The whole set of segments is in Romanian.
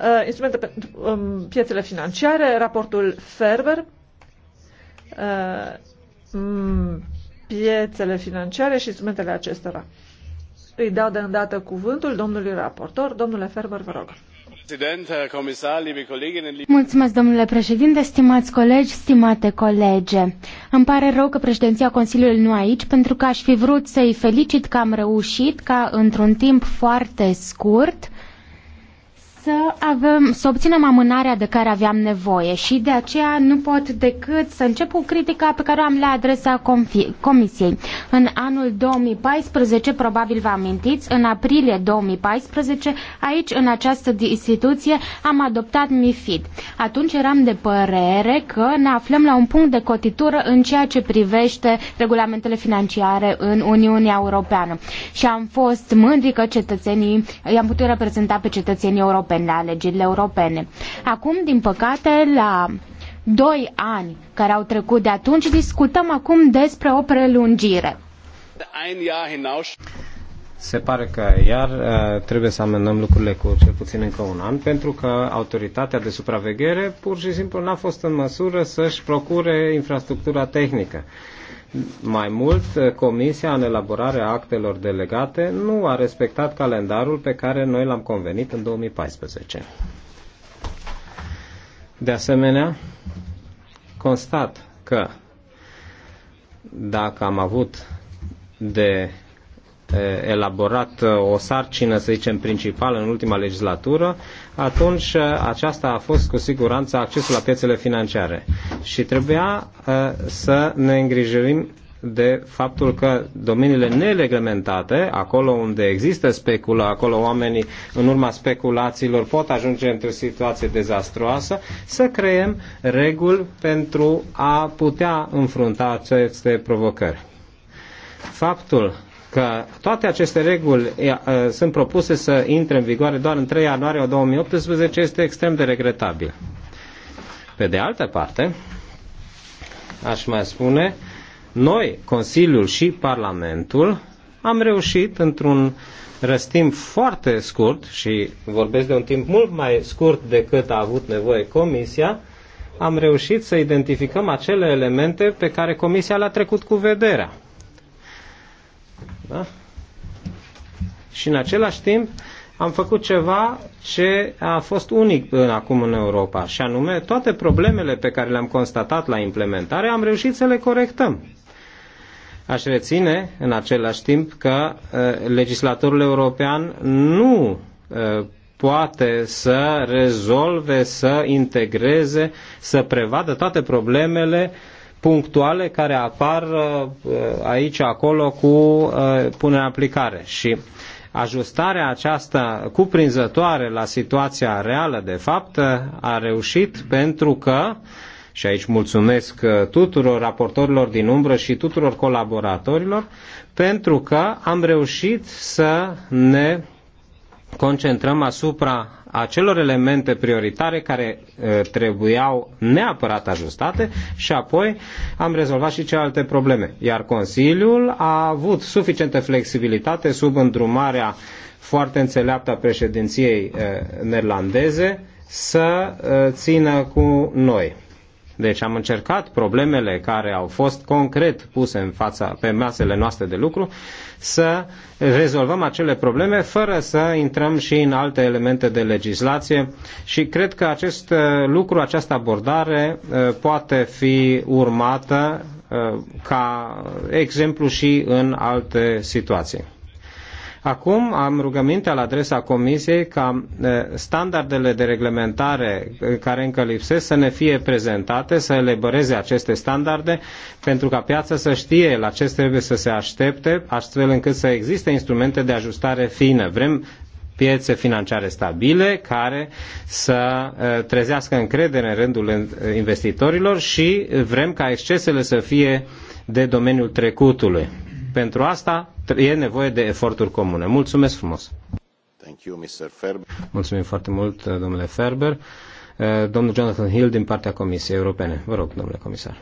uh, instrumente pentru um, piețele financiare, raportul Ferber, uh, um, piețele financiare și instrumentele acestora. Îi dau de îndată cuvântul domnului raportor. Domnule Ferber, vă rog. Uh, Mulțumesc, domnule președinte, stimați colegi, stimate colege. Îmi pare rău că președinția Consiliului nu aici, pentru că aș fi vrut să-i felicit că am reușit ca, într-un timp foarte scurt, să, avem, să obținem amânarea de care aveam nevoie și de aceea nu pot decât să încep cu critica pe care o am la adresa Comisiei. În anul 2014, probabil vă amintiți, în aprilie 2014, aici, în această instituție, am adoptat MIFID. Atunci eram de părere că ne aflăm la un punct de cotitură în ceea ce privește regulamentele financiare în Uniunea Europeană. Și am fost mândri că cetățenii, i-am putut reprezenta pe cetățenii europeni europeni, la alegerile europene. Acum, din păcate, la doi ani care au trecut de atunci, discutăm acum despre o prelungire. Se pare că iar uh, trebuie să amendăm lucrurile cu cel puțin încă un an, pentru că autoritatea de supraveghere pur și simplu n-a fost în măsură să-și procure infrastructura tehnică. Mai mult, Comisia, în elaborarea actelor delegate, nu a respectat calendarul pe care noi l-am convenit în 2014. De asemenea, constat că dacă am avut de eh, elaborat eh, o sarcină, să zicem, principală în ultima legislatură, atunci uh, aceasta a fost cu siguranță accesul la piețele financiare. Și trebuia uh, să ne îngrijim de faptul că domeniile nereglementate, acolo unde există speculă, acolo oamenii în urma speculațiilor pot ajunge într-o situație dezastruoasă, să creăm reguli pentru a putea înfrunta aceste provocări. Faptul că toate aceste reguli ă, sunt propuse să intre în vigoare doar în 3 ianuarie 2018 este extrem de regretabil. Pe de altă parte, aș mai spune, noi, Consiliul și Parlamentul, am reușit într-un răstimp foarte scurt și vorbesc de un timp mult mai scurt decât a avut nevoie Comisia, am reușit să identificăm acele elemente pe care Comisia le-a trecut cu vederea. Da? Și în același timp am făcut ceva ce a fost unic până acum în Europa, și anume toate problemele pe care le-am constatat la implementare am reușit să le corectăm. Aș reține în același timp că uh, legislatorul european nu uh, poate să rezolve, să integreze, să prevadă toate problemele uh, punctuale care apar uh, aici, acolo cu uh, punerea în aplicare. Și ajustarea aceasta cuprinzătoare la situația reală, de fapt, a reușit pentru că și aici mulțumesc uh, tuturor raportorilor din umbră și tuturor colaboratorilor, pentru că am reușit să ne concentrăm asupra acelor elemente prioritare care trebuiau neapărat ajustate și apoi am rezolvat și celelalte probleme. Iar Consiliul a avut suficientă flexibilitate sub îndrumarea foarte înțeleaptă a președinției neerlandeze să țină cu noi. Deci am încercat problemele care au fost concret puse în fața, pe masele noastre de lucru să rezolvăm acele probleme fără să intrăm și în alte elemente de legislație și cred că acest uh, lucru, această abordare uh, poate fi urmată uh, ca exemplu și în alte situații. Acum am rugămintea la adresa Comisiei ca eh, standardele de reglementare eh, care încă lipsesc să ne fie prezentate, să elaboreze aceste standarde, pentru ca piața să știe la ce trebuie să se aștepte, astfel încât să existe instrumente de ajustare fină. Vrem piețe financiare stabile care să eh, trezească încredere în rândul investitorilor și vrem ca excesele să fie de domeniul trecutului pentru asta e nevoie de eforturi comune. Mulțumesc frumos! Thank you, Mr. Ferber. Mulțumim foarte mult, domnule Ferber. Eh, domnul Jonathan Hill din partea Comisiei Europene. Vă rog, domnule comisar.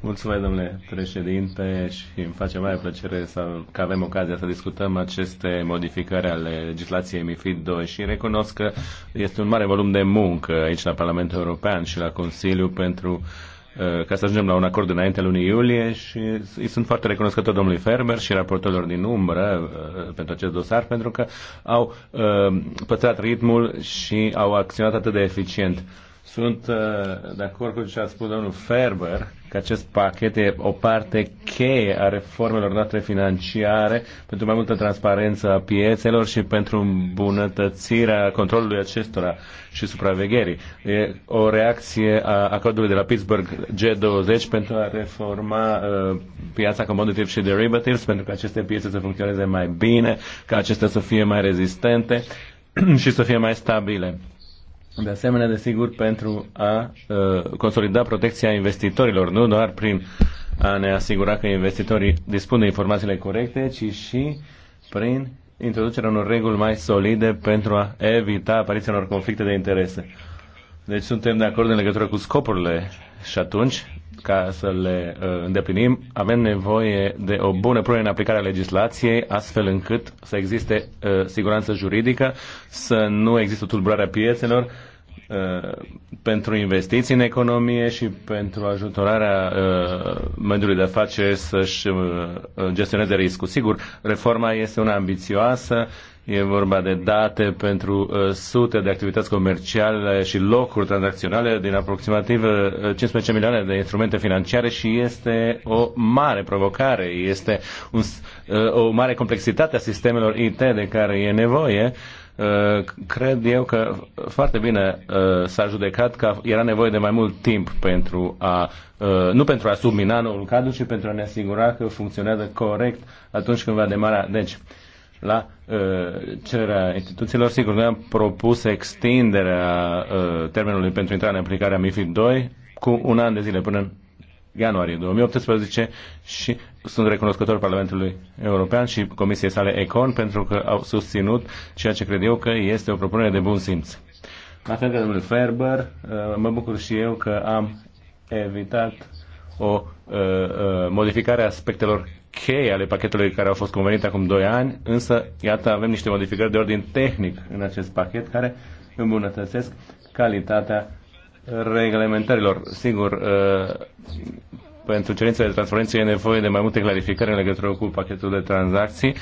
Mulțumesc, domnule președinte, și îmi face mare plăcere să, că avem ocazia să discutăm aceste modificări ale legislației MIFID 2 și recunosc că este un mare volum de muncă aici la Parlamentul European și la Consiliu pentru uh, ca să ajungem la un acord înainte lunii iulie și îi sunt foarte recunoscător domnului Ferber și raportorilor din umbră uh, pentru acest dosar pentru că au uh, pătrat ritmul și au acționat atât de eficient sunt uh, de acord cu ce a spus domnul Ferber, că acest pachet e o parte cheie a reformelor noastre financiare pentru mai multă transparență a piețelor și pentru îmbunătățirea controlului acestora și supravegherii. E o reacție a acordului de la Pittsburgh G20 pentru a reforma uh, piața commodities și derivatives, pentru că aceste piețe să funcționeze mai bine, ca acestea să fie mai rezistente și să fie mai stabile de asemenea, desigur, pentru a uh, consolida protecția investitorilor, nu doar prin a ne asigura că investitorii dispun de informațiile corecte, ci și prin introducerea unor reguli mai solide pentru a evita apariția unor conflicte de interese. Deci suntem de acord în legătură cu scopurile și atunci ca să le uh, îndeplinim, avem nevoie de o bună punere în aplicare a legislației, astfel încât să existe uh, siguranță juridică, să nu există tulburarea piețelor, uh, pentru investiții în economie și pentru ajutorarea mediului de afaceri să-și gestioneze riscul. Sigur, reforma este una ambițioasă E vorba de date pentru uh, sute de activități comerciale și locuri tranzacționale din aproximativ uh, 15 milioane de instrumente financiare și este o mare provocare, este un, uh, o mare complexitate a sistemelor IT de care e nevoie. Uh, cred eu că foarte bine uh, s-a judecat că era nevoie de mai mult timp pentru a, uh, nu pentru a submina noul cadru, ci pentru a ne asigura că funcționează corect atunci când va demara. Deci, la uh, cererea instituțiilor. Sigur, noi am propus extinderea uh, termenului pentru intrarea în aplicare a MIFID 2 cu un an de zile până în ianuarie 2018 și sunt recunoscător Parlamentului European și Comisiei sale ECON pentru că au susținut ceea ce cred eu că este o propunere de bun simț. La fel ca domnul Ferber, uh, mă bucur și eu că am evitat o uh, uh, modificare a aspectelor cheie ale pachetului care au fost convenite acum 2 ani, însă, iată, avem niște modificări de ordin tehnic în acest pachet care îmbunătățesc calitatea reglementărilor. Sigur, uh, pentru cerințele de transparență e nevoie de mai multe clarificări în legătură cu pachetul de tranzacții,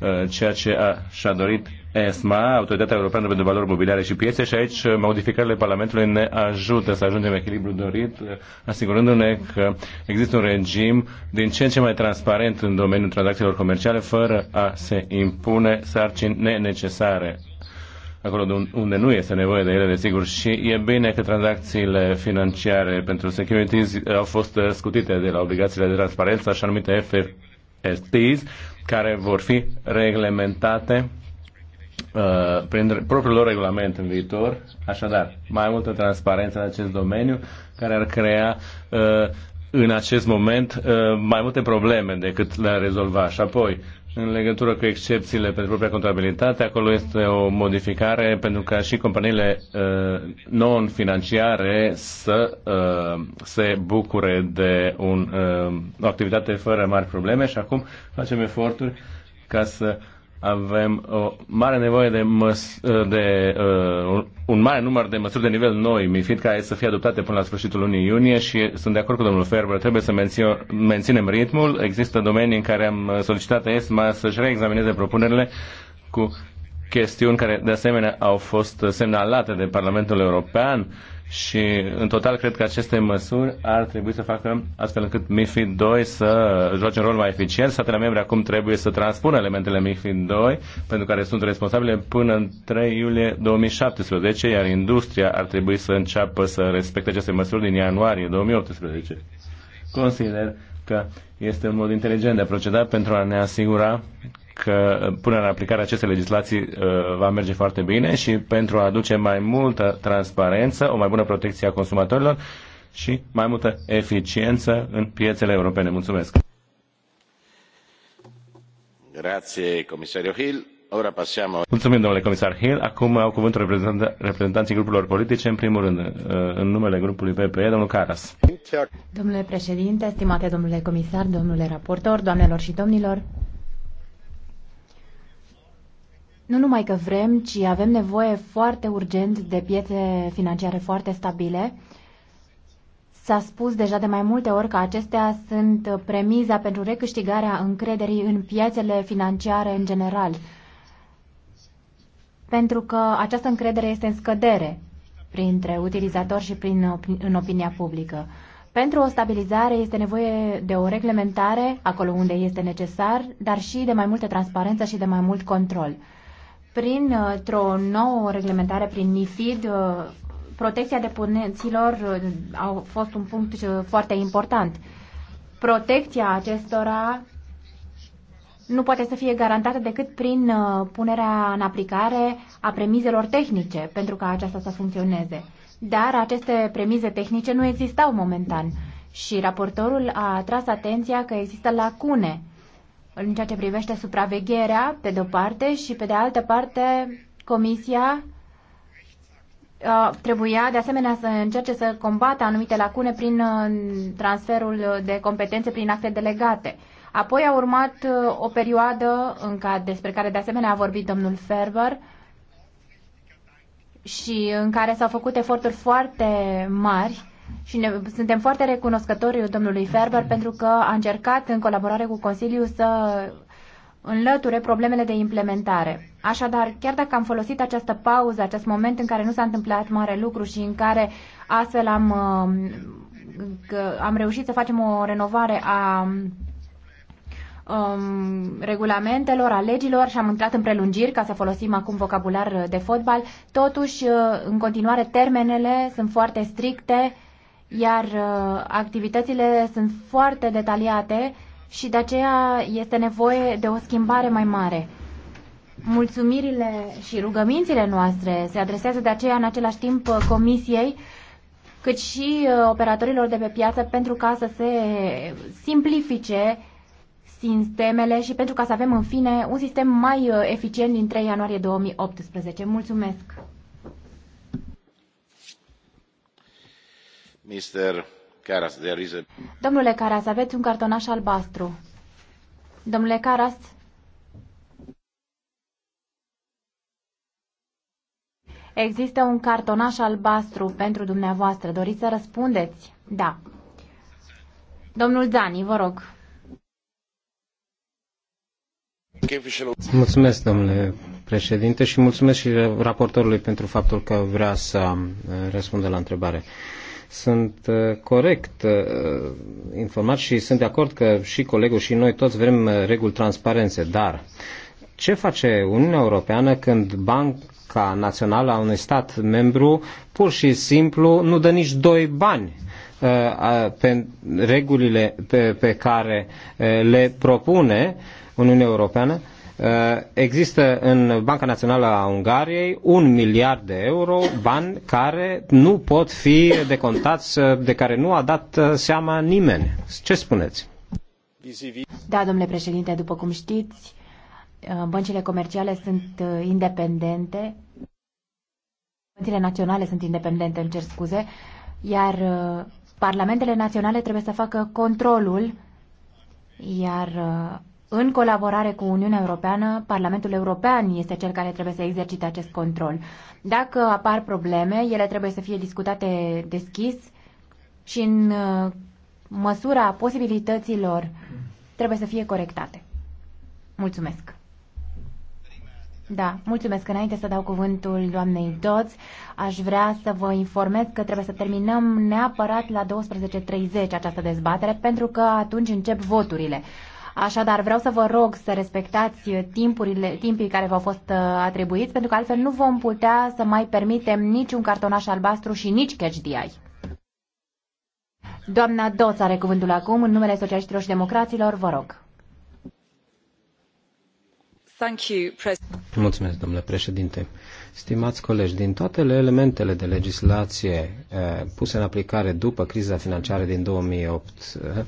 uh, ceea ce a, și-a dorit ESMA, Autoritatea Europeană pentru Valori Mobiliare și Piețe și aici uh, modificările Parlamentului ne ajută să ajungem echilibru dorit, uh, asigurându-ne că există un regim din ce în ce mai transparent în domeniul tranzacțiilor comerciale fără a se impune sarcini nenecesare acolo unde nu este nevoie de ele, desigur, și e bine că tranzacțiile financiare pentru securities uh, au fost scutite de la obligațiile de transparență, așa numite FFSTs, care vor fi reglementate Uh, prin propriul lor regulament în viitor, așadar, mai multă transparență în acest domeniu, care ar crea uh, în acest moment uh, mai multe probleme decât le-a rezolva. Și apoi, în legătură cu excepțiile pentru propria contabilitate, acolo este o modificare pentru ca și companiile uh, non-financiare să uh, se bucure de un, uh, o activitate fără mari probleme și acum facem eforturi ca să uh, avem o mare nevoie de, măs- de uh, un mare număr de măsuri de nivel noi, fiind care să fie adoptate până la sfârșitul lunii iunie și sunt de acord cu domnul Ferber, trebuie să mențio- menținem ritmul. Există domenii în care am solicitat ESMA să-și reexamineze propunerile cu chestiuni care de asemenea au fost semnalate de Parlamentul European și în total cred că aceste măsuri ar trebui să facă astfel încât MIFID 2 să joace un rol mai eficient. Statele membre acum trebuie să transpună elementele MIFID 2 pentru care sunt responsabile până în 3 iulie 2017, iar industria ar trebui să înceapă să respecte aceste măsuri din ianuarie 2018. Consider că este un mod inteligent de a proceda pentru a ne asigura că punerea în aplicare acestei legislații uh, va merge foarte bine și pentru a aduce mai multă transparență, o mai bună protecție a consumatorilor și mai multă eficiență în piețele europene. Mulțumesc! Grazie, comisario Hill. Ora passiamo... Mulțumim, domnule comisar Hill. Acum au cuvântul reprezentan reprezentanții grupurilor politice, în primul rând, uh, în numele grupului PPE, domnul Caras. Domnule președinte, stimate domnule comisar, domnule raportor, doamnelor și domnilor, nu numai că vrem, ci avem nevoie foarte urgent de piețe financiare foarte stabile. S-a spus deja de mai multe ori că acestea sunt premiza pentru recâștigarea încrederii în piețele financiare în general, pentru că această încredere este în scădere printre utilizatori și prin, în opinia publică. Pentru o stabilizare este nevoie de o reglementare acolo unde este necesar, dar și de mai multă transparență și de mai mult control. Prin o nouă reglementare prin NIFID, uh, protecția deponenților uh, a fost un punct uh, foarte important. Protecția acestora nu poate să fie garantată decât prin punerea în aplicare a premizelor tehnice pentru ca aceasta să funcționeze. Dar aceste premize tehnice nu existau momentan și raportorul a atras atenția că există lacune în ceea ce privește supravegherea, pe de o parte, și pe de altă parte, Comisia uh, trebuia de asemenea să încerce să combată anumite lacune prin uh, transferul de competențe prin acte delegate. Apoi a urmat uh, o perioadă în care, despre care de asemenea a vorbit domnul Ferber și în care s-au făcut eforturi foarte mari și ne, suntem foarte recunoscători domnului Ferber pentru că a încercat în colaborare cu Consiliul să înlăture problemele de implementare. Așadar, chiar dacă am folosit această pauză, acest moment în care nu s-a întâmplat mare lucru și în care astfel am, am reușit să facem o renovare a um, regulamentelor, a legilor și am intrat în prelungiri ca să folosim acum vocabular de fotbal. Totuși, în continuare, termenele sunt foarte stricte iar uh, activitățile sunt foarte detaliate și de aceea este nevoie de o schimbare mai mare. Mulțumirile și rugămințile noastre se adresează de aceea în același timp uh, Comisiei cât și uh, operatorilor de pe piață pentru ca să se simplifice sistemele și pentru ca să avem în fine un sistem mai eficient din 3 ianuarie 2018. Mulțumesc! Domnule Caras, aveți un cartonaș albastru. Domnule Caras, Există un cartonaș albastru pentru dumneavoastră. Doriți să răspundeți? Da. Domnul Zani, vă rog. Mulțumesc, domnule președinte, și mulțumesc și raportorului pentru faptul că vrea să uh, răspundă la întrebare sunt uh, corect uh, informat și sunt de acord că și colegul și noi toți vrem uh, reguli transparențe, dar ce face Uniunea Europeană când Banca Națională a unui stat membru pur și simplu nu dă nici doi bani pe regulile pe, pe care le propune Uniunea Europeană Uh, există în Banca Națională a Ungariei un miliard de euro, bani care nu pot fi decontați, uh, de care nu a dat uh, seama nimeni. Ce spuneți? Da, domnule președinte, după cum știți, băncile comerciale sunt independente, băncile naționale sunt independente, îmi cer scuze, iar parlamentele naționale trebuie să facă controlul, iar în colaborare cu Uniunea Europeană, Parlamentul European este cel care trebuie să exercite acest control. Dacă apar probleme, ele trebuie să fie discutate deschis și în uh, măsura posibilităților trebuie să fie corectate. Mulțumesc! Da, mulțumesc. Înainte să dau cuvântul doamnei Doț, aș vrea să vă informez că trebuie să terminăm neapărat la 12.30 această dezbatere, pentru că atunci încep voturile. Așadar, vreau să vă rog să respectați uh, timpurile, timpii care v-au fost uh, atribuiți, pentru că altfel nu vom putea să mai permitem niciun cartonaș albastru și nici catch DI. Doamna Doț are cuvântul acum, în numele Socialiștilor și Democraților, vă rog. Mulțumesc, domnule președinte. Stimați colegi, din toate elementele de legislație eh, puse în aplicare după criza financiară din 2008, eh,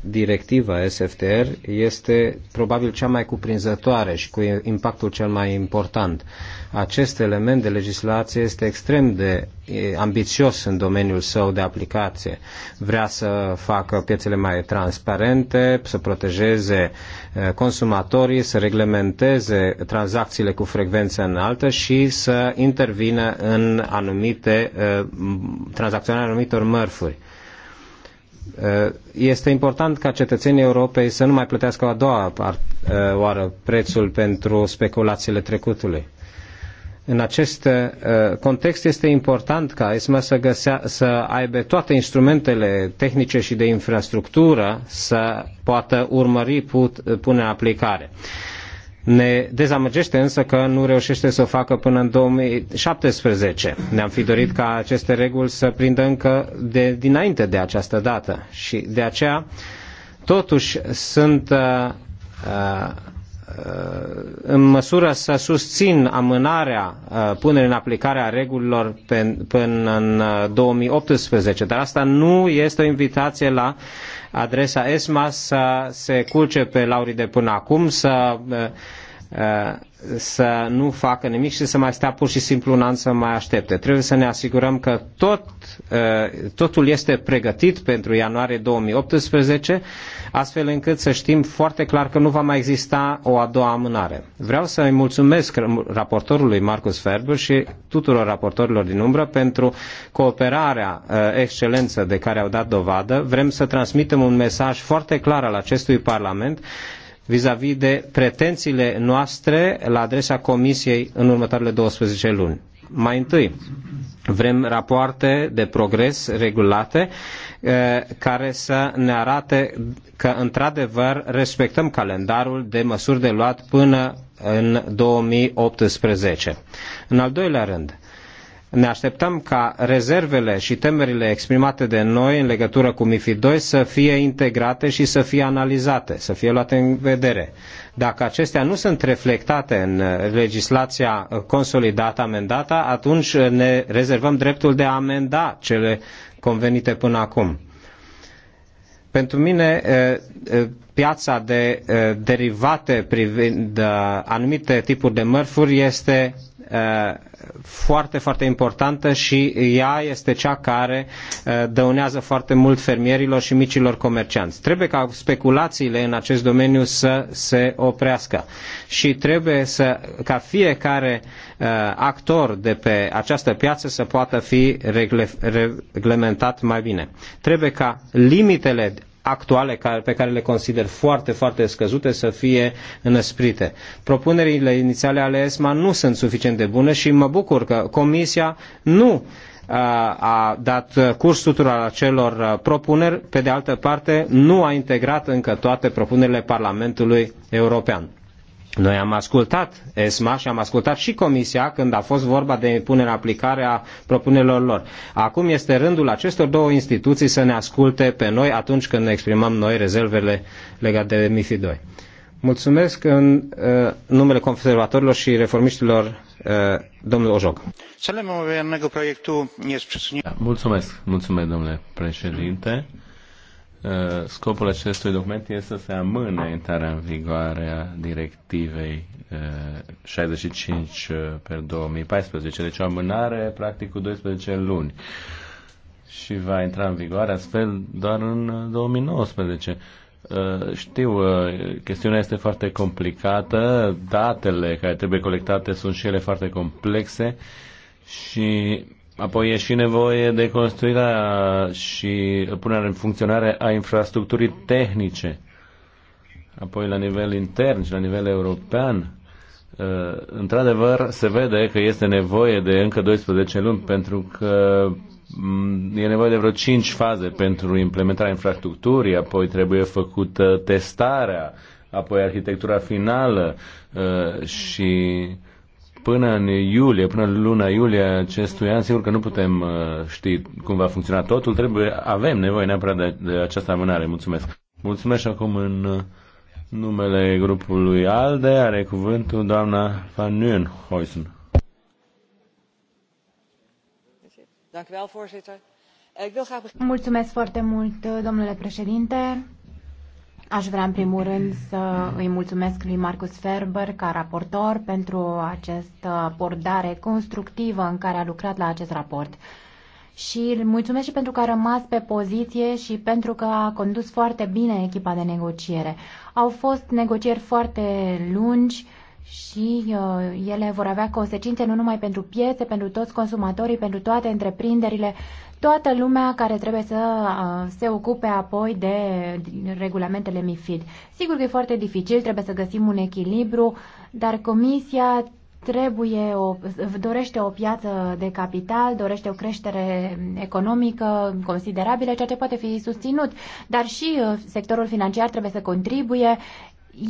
directiva SFTR este probabil cea mai cuprinzătoare și cu impactul cel mai important. Acest element de legislație este extrem de eh, ambițios în domeniul său de aplicație. Vrea să facă piețele mai transparente, să protejeze consumatorii, să reglementeze reglementeze tranzacțiile cu frecvență înaltă și să intervină în anumite uh, tranzacționarea anumitor mărfuri. Uh, este important ca cetățenii Europei să nu mai plătească a doua uh, oară prețul pentru speculațiile trecutului. În acest context este important ca ESMA să, găsea, să aibă toate instrumentele tehnice și de infrastructură să poată urmări put, pune în aplicare. Ne dezamăgește însă că nu reușește să o facă până în 2017. Ne-am fi dorit ca aceste reguli să prindă încă de, dinainte de această dată și de aceea totuși sunt uh, uh, în măsură să susțin amânarea uh, punerii în aplicare a regulilor până în 2018, uh, dar asta nu este o invitație la adresa ESMA să se culce pe laurii de până acum, să Uh, să nu facă nimic și să mai stea pur și simplu un an să mai aștepte. Trebuie să ne asigurăm că tot, uh, totul este pregătit pentru ianuarie 2018, astfel încât să știm foarte clar că nu va mai exista o a doua amânare. Vreau să îi mulțumesc raportorului Marcus Ferber și tuturor raportorilor din umbră pentru cooperarea uh, excelență de care au dat dovadă. Vrem să transmitem un mesaj foarte clar al acestui Parlament vis-a-vis de pretențiile noastre la adresa Comisiei în următoarele 12 luni. Mai întâi, vrem rapoarte de progres regulate eh, care să ne arate că, într-adevăr, respectăm calendarul de măsuri de luat până în 2018. În al doilea rând, ne așteptăm ca rezervele și temerile exprimate de noi în legătură cu MIFID 2 să fie integrate și să fie analizate, să fie luate în vedere. Dacă acestea nu sunt reflectate în legislația consolidată, amendată, atunci ne rezervăm dreptul de a amenda cele convenite până acum. Pentru mine, piața de derivate privind anumite tipuri de mărfuri este Uh, foarte, foarte importantă și ea este cea care uh, dăunează foarte mult fermierilor și micilor comercianți. Trebuie ca speculațiile în acest domeniu să se oprească și trebuie să, ca fiecare uh, actor de pe această piață să poată fi reglementat mai bine. Trebuie ca limitele actuale pe care le consider foarte, foarte scăzute să fie înăsprite. Propunerile inițiale ale ESMA nu sunt suficient de bune și mă bucur că Comisia nu uh, a dat curs tuturor acelor uh, propuneri, pe de altă parte nu a integrat încă toate propunerile Parlamentului European. Noi am ascultat ESMA și am ascultat și Comisia când a fost vorba de punerea în aplicare a propunerilor lor. Acum este rândul acestor două instituții să ne asculte pe noi atunci când ne exprimăm noi rezervele legate de MIFI 2. Mulțumesc în uh, numele conservatorilor și reformiștilor, uh, domnul Ojog. Mulțumesc, mulțumesc, domnule președinte. Uh, scopul acestui document este să se amâne intrarea în vigoare a directivei 65 per 2014, deci o amânare practic cu 12 luni și va intra în vigoare astfel doar în 2019. Uh, uh, știu, chestiunea este foarte complicată, datele care trebuie colectate sunt și ele foarte complexe și Apoi e și nevoie de construirea și punerea în funcționare a infrastructurii tehnice. Apoi la nivel intern și la nivel european, ă, într-adevăr se vede că este nevoie de încă 12 luni pentru că mm, e nevoie de vreo 5 faze pentru implementarea infrastructurii, apoi trebuie făcută testarea, apoi arhitectura finală ă, și până în iulie, până în luna iulie acestui an, sigur că nu putem uh, ști cum va funcționa totul, trebuie, avem nevoie neapărat de, de această amânare. Mulțumesc. Mulțumesc și acum în uh, numele grupului ALDE are cuvântul doamna Van Nuenhuizen. Eh, Mulțumesc foarte mult, domnule președinte. Aș vrea în primul rând să îi mulțumesc lui Marcus Ferber ca raportor pentru această abordare uh, constructivă în care a lucrat la acest raport. Și îl mulțumesc și pentru că a rămas pe poziție și pentru că a condus foarte bine echipa de negociere. Au fost negocieri foarte lungi, și uh, ele vor avea consecințe nu numai pentru piețe, pentru toți consumatorii, pentru toate întreprinderile, toată lumea care trebuie să uh, se ocupe apoi de regulamentele MIFID. Sigur că e foarte dificil, trebuie să găsim un echilibru, dar Comisia trebuie o, dorește o piață de capital, dorește o creștere economică considerabilă, ceea ce poate fi susținut, dar și uh, sectorul financiar trebuie să contribuie.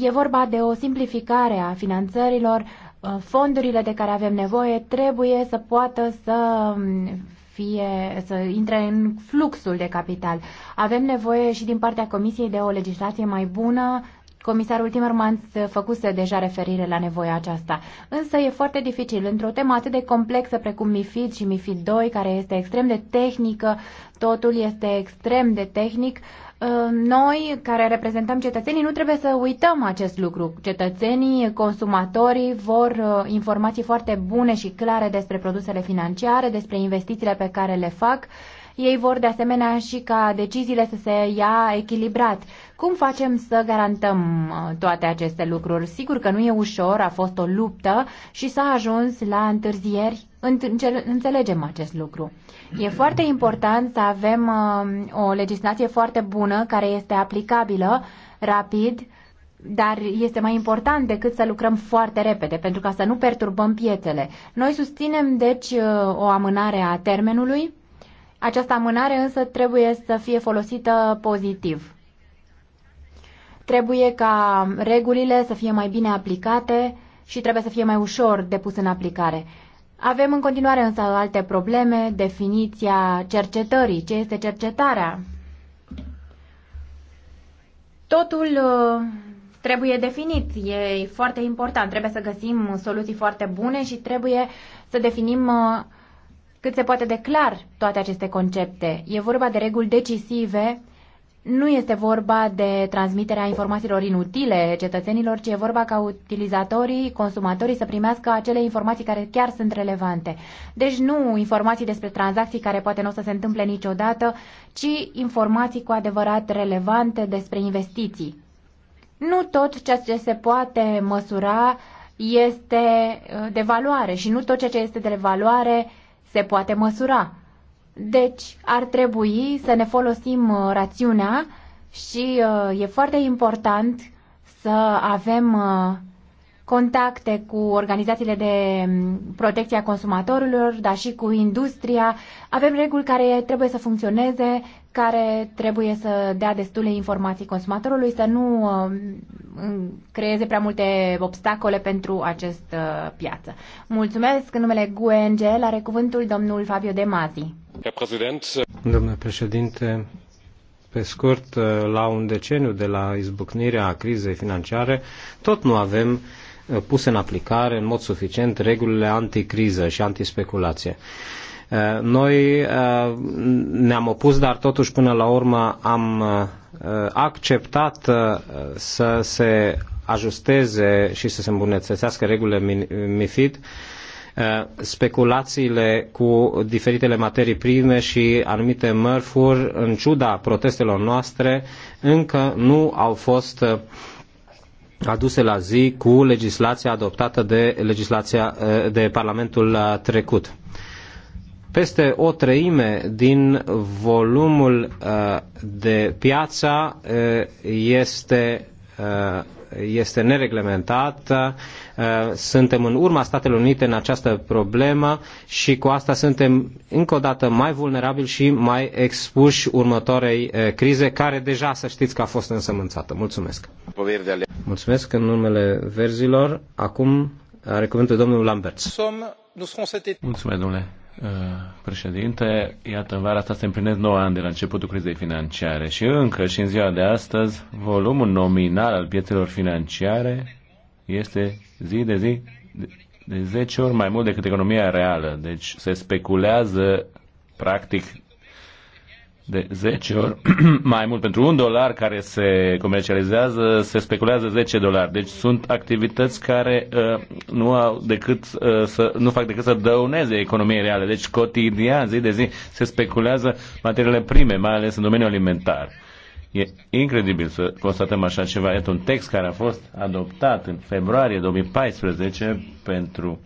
E vorba de o simplificare a finanțărilor. Uh, fondurile de care avem nevoie trebuie să poată să um, fie, să intre în fluxul de capital. Avem nevoie și din partea Comisiei de o legislație mai bună. Comisarul Timmermans făcuse deja referire la nevoia aceasta. Însă e foarte dificil. Într-o temă atât de complexă precum MIFID și MIFID 2, care este extrem de tehnică, totul este extrem de tehnic, uh, Ă, noi, care reprezentăm cetățenii, nu trebuie să uităm acest lucru. Cetățenii, consumatorii vor ă, informații foarte bune și clare despre produsele financiare, despre investițiile pe care le fac. Ei vor de asemenea și ca deciziile să se ia echilibrat. Cum facem să garantăm ă, toate aceste lucruri? Sigur că nu e ușor, a fost o luptă și s-a ajuns la întârzieri înțelegem acest lucru. E foarte important să avem uh, o legislație foarte bună care este aplicabilă rapid, dar este mai important decât să lucrăm foarte repede, pentru ca să nu perturbăm piețele. Noi susținem, deci, uh, o amânare a termenului. Această amânare însă trebuie să fie folosită pozitiv. Trebuie ca regulile să fie mai bine aplicate și trebuie să fie mai ușor depus în aplicare. Avem în continuare însă alte probleme, definiția cercetării, ce este cercetarea. Totul uh, trebuie definit, e foarte important, trebuie să găsim soluții foarte bune și trebuie să definim uh, cât se poate de clar toate aceste concepte. E vorba de reguli decisive nu este vorba de transmiterea informațiilor inutile cetățenilor, ci e vorba ca utilizatorii, consumatorii să primească acele informații care chiar sunt relevante. Deci nu informații despre tranzacții care poate nu o să se întâmple niciodată, ci informații cu adevărat relevante despre investiții. Nu tot ceea ce se poate măsura este uh, de valoare și nu tot ceea ce este de valoare se poate măsura. Deci ar trebui să ne folosim uh, rațiunea și uh, e foarte important să avem uh, contacte cu organizațiile de mm, protecție a consumatorilor, dar și cu industria. Avem reguli care trebuie să funcționeze, care trebuie să dea destule informații consumatorului, să nu um, creeze prea multe obstacole pentru această uh, piață. Mulțumesc. În numele GUNG are cuvântul domnul Fabio De Mazi. Domnule președinte, pe scurt, uh, la un deceniu de la izbucnirea crizei financiare, tot nu avem uh, puse în aplicare în mod suficient regulile anticriză și antispeculație. Noi uh, ne-am opus, dar totuși până la urmă am uh, acceptat uh, să se ajusteze și să se îmbunătățească regulile MIFID speculațiile cu diferitele materii prime și anumite mărfuri, în ciuda protestelor noastre, încă nu au fost aduse la zi cu legislația adoptată de, legislația, de Parlamentul trecut peste o treime din volumul uh, de uh, este uh, este nereglementat. Uh, suntem în urma Statelor Unite în această problemă și cu asta suntem încă o dată mai vulnerabili și mai expuși următoarei crize, care deja să știți că a fost însămânțată. Mulțumesc! Mulțumesc în numele verzilor. Acum are cuvântul domnul Lamberts. Mulțumesc, domnule Uh, președinte, iată, în vara asta se împlinesc 9 ani de la începutul crizei financiare și încă și în ziua de astăzi volumul nominal al piețelor financiare este zi de zi de 10 ori mai mult decât economia reală. Deci se speculează practic de 10 ori mai mult. Pentru un dolar care se comercializează, se speculează 10 dolari. Deci sunt activități care uh, nu, au decât, uh, să, nu fac decât să dăuneze economiei reale. Deci cotidian, zi de zi, se speculează materiile prime, mai ales în domeniul alimentar. E incredibil să constatăm așa ceva. Este un text care a fost adoptat în februarie 2014 pentru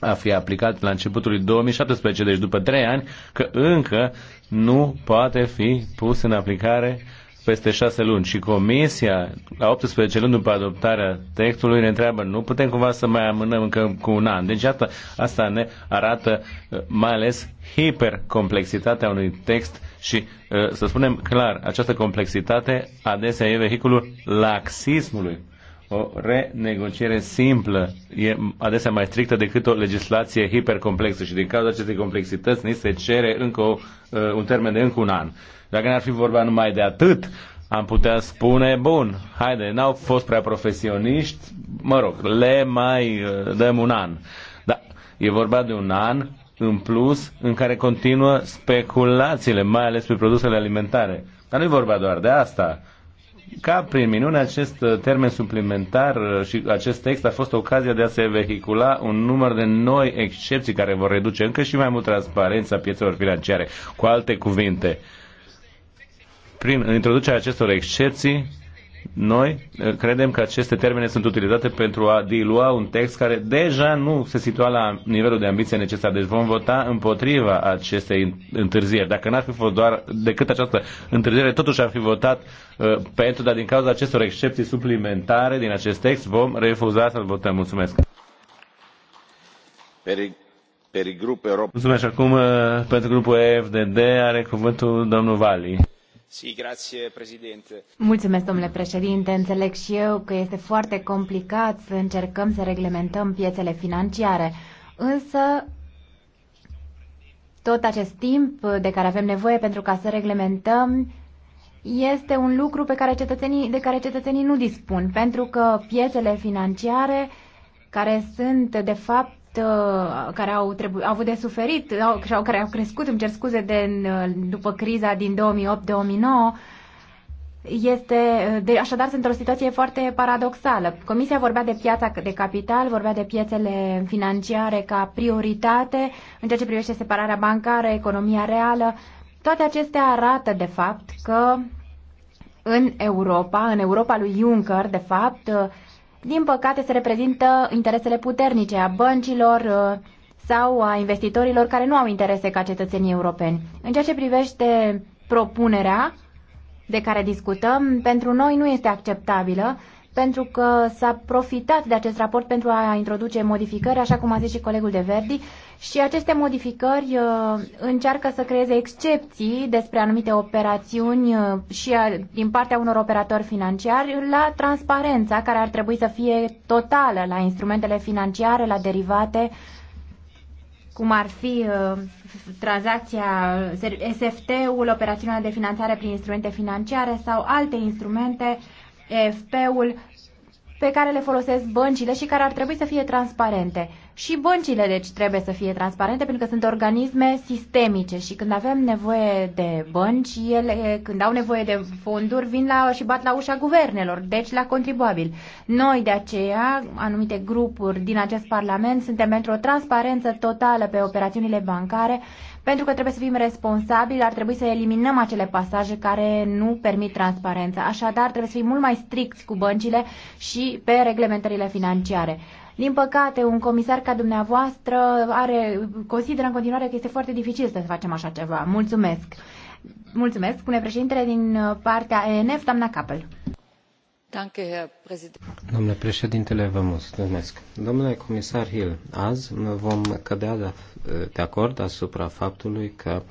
a fi aplicat la începutul 2017, deci după 3 ani, că încă nu poate fi pus în aplicare peste șase luni. Și comisia, la 18 luni după adoptarea textului, ne întreabă, nu putem cumva să mai amânăm încă cu un an. Deci, iată, asta ne arată uh, mai ales hipercomplexitatea unui text și, uh, să spunem clar, această complexitate adesea e vehiculul laxismului o renegociere simplă e adesea mai strictă decât o legislație hipercomplexă și din cauza acestei complexități ni se cere încă o, uh, un termen de încă un an. Dacă n-ar fi vorba numai de atât, am putea spune, bun, haide, n-au fost prea profesioniști, mă rog, le mai uh, dăm un an. Dar e vorba de un an în plus în care continuă speculațiile, mai ales pe produsele alimentare. Dar nu e vorba doar de asta ca prin minune acest uh, termen suplimentar uh, și acest text a fost ocazia de a se vehicula un număr de noi excepții care vor reduce încă și mai mult transparența piețelor financiare. Cu alte cuvinte, prin introducerea acestor excepții, noi eh, credem că aceste termene sunt utilizate pentru a dilua un text care deja nu se situa la nivelul de ambiție necesar. Deci vom vota împotriva acestei întârzieri. Dacă n-ar fi fost doar decât această întârziere, totuși ar fi votat uh, pentru, dar din cauza acestor excepții suplimentare din acest text vom refuza să-l votăm. Mulțumesc! Peric Mulțumesc acum eh, pentru grupul FDD are cuvântul domnul Vali. Mulțumesc, domnule președinte. Înțeleg și eu că este foarte complicat să încercăm să reglementăm piețele financiare, însă tot acest timp de care avem nevoie pentru ca să reglementăm este un lucru pe care cetățenii, de care cetățenii nu dispun, pentru că piețele financiare, care sunt de fapt fost, uh, care au, trebu- au avut de suferit sau care au crescut, îmi cer scuze, de, uh, după criza din 2008-2009, este, uh, de, așadar, sunt într-o situație foarte paradoxală. Comisia vorbea de piața de capital, vorbea de piețele financiare ca prioritate în ceea ce privește separarea bancară, economia reală. Toate acestea arată, de fapt, că în Europa, în Europa lui Juncker, de fapt, din păcate se reprezintă interesele puternice a băncilor uh, sau a investitorilor care nu au interese ca cetățenii europeni. În ceea ce privește propunerea de care discutăm, pentru noi nu este acceptabilă pentru că s-a profitat de acest raport pentru a introduce modificări, așa cum a zis și colegul de Verdi, și aceste modificări uh, încearcă să creeze excepții despre anumite operațiuni uh, și din partea unor operatori financiari la transparența care ar trebui să fie totală la instrumentele financiare, la derivate, cum ar fi uh, tranzacția SFT-ul, operațiunea de finanțare prin instrumente financiare sau alte instrumente EFP-ul pe care le folosesc băncile și care ar trebui să fie transparente. Și băncile, deci, trebuie să fie transparente pentru că sunt organisme sistemice și când avem nevoie de bănci, ele, când au nevoie de fonduri, vin la, și bat la ușa guvernelor, deci la contribuabil. Noi, de aceea, anumite grupuri din acest Parlament, suntem pentru o transparență totală pe operațiunile bancare pentru că trebuie să fim responsabili, ar trebui să eliminăm acele pasaje care nu permit transparența. Așadar, trebuie să fim mult mai stricți cu băncile și pe reglementările financiare. Din păcate, un comisar ca dumneavoastră are, consideră în continuare că este foarte dificil să facem așa ceva. Mulțumesc! Mulțumesc, spune președintele din partea ENF, doamna Capel. Domnule președintele, vă mulțumesc. Domnule comisar Hill, azi vom cădea de acord asupra faptului că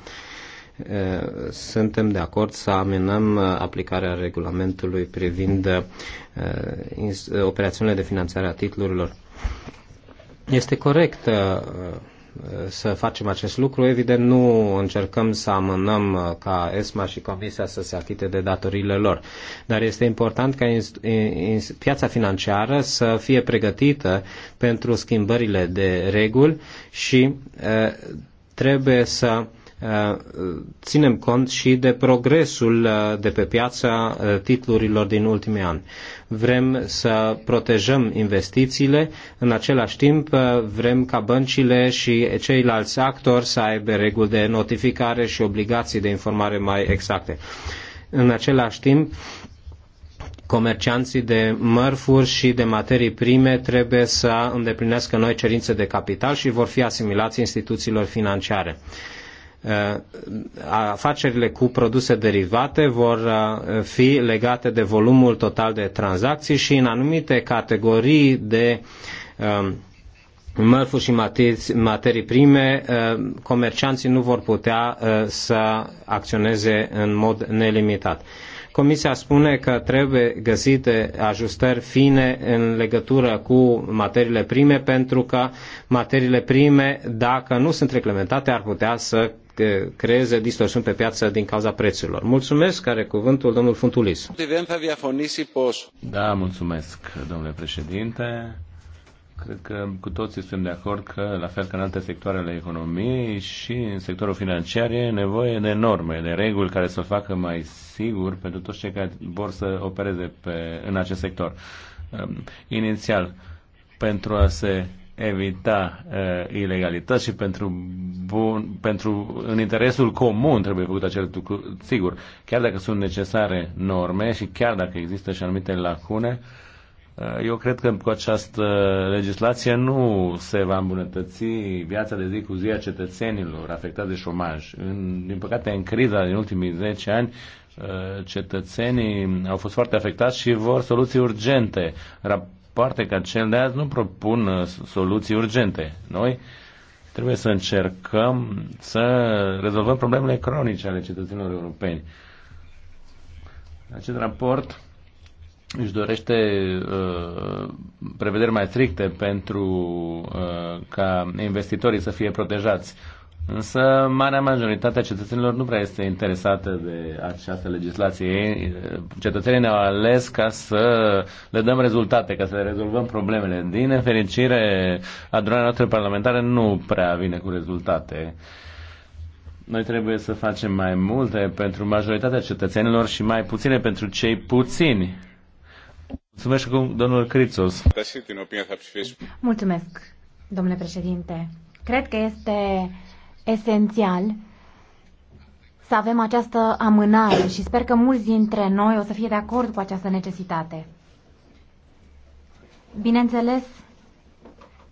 suntem de acord să amenăm aplicarea regulamentului privind operațiunile de finanțare a titlurilor. Este corect să facem acest lucru. Evident, nu încercăm să amânăm uh, ca ESMA și Comisia să se achite de datoriile lor, dar este important ca piața financiară să fie pregătită pentru schimbările de reguli și uh, trebuie să Uh, ținem cont și de progresul uh, de pe piața uh, titlurilor din ultimii ani. Vrem să protejăm investițiile, în același timp vrem ca băncile și ceilalți actori să aibă reguli de notificare și obligații de informare mai exacte. În același timp, comercianții de mărfuri și de materii prime trebuie să îndeplinească noi cerințe de capital și vor fi asimilați instituțiilor financiare. Uh, afacerile cu produse derivate vor uh, fi legate de volumul total de tranzacții și în anumite categorii de um, mărfuri și materii prime, uh, comercianții nu vor putea să acționeze în mod nelimitat. Comisia spune că trebuie găsite ajustări fine în legătură cu materiile prime, pentru că materiile prime, dacă nu sunt reglementate, ar putea să creeze distorsiuni pe piață din cauza prețurilor. Mulțumesc, care cuvântul domnul Funtulis. Da, mulțumesc, domnule președinte. Cred că cu toții suntem de acord că, la fel ca în alte sectoare ale economiei și în sectorul financiar, e nevoie de norme, de reguli care să facă mai sigur pentru toți cei care vor să opereze pe, în acest sector. Ehm, inițial, pentru a se evita uh, ilegalități și pentru, bun, pentru în interesul comun trebuie făcut acest lucru. Sigur, chiar dacă sunt necesare norme și chiar dacă există și anumite lacune, uh, eu cred că cu această legislație nu se va îmbunătăți viața de zi cu zi a cetățenilor afectați de șomaj. În, din păcate, în criza din ultimii 10 ani, uh, cetățenii au fost foarte afectați și vor soluții urgente. Rap- parte ca cel de azi nu propun uh, soluții urgente. Noi trebuie să încercăm să rezolvăm problemele cronice ale cetățenilor europeni. Acest raport își dorește uh, prevederi mai stricte pentru uh, ca investitorii să fie protejați. Însă, marea majoritate a cetățenilor nu prea este interesată de această legislație. Cetățenii ne-au ales ca să le dăm rezultate, ca să le rezolvăm problemele. Din nefericire, adunarea noastră parlamentară nu prea vine cu rezultate. Noi trebuie să facem mai multe pentru majoritatea cetățenilor și mai puține pentru cei puțini. Mulțumesc cu domnul Crițos. Mulțumesc, domnule președinte. Cred că este esențial să avem această amânare și sper că mulți dintre noi o să fie de acord cu această necesitate. Bineînțeles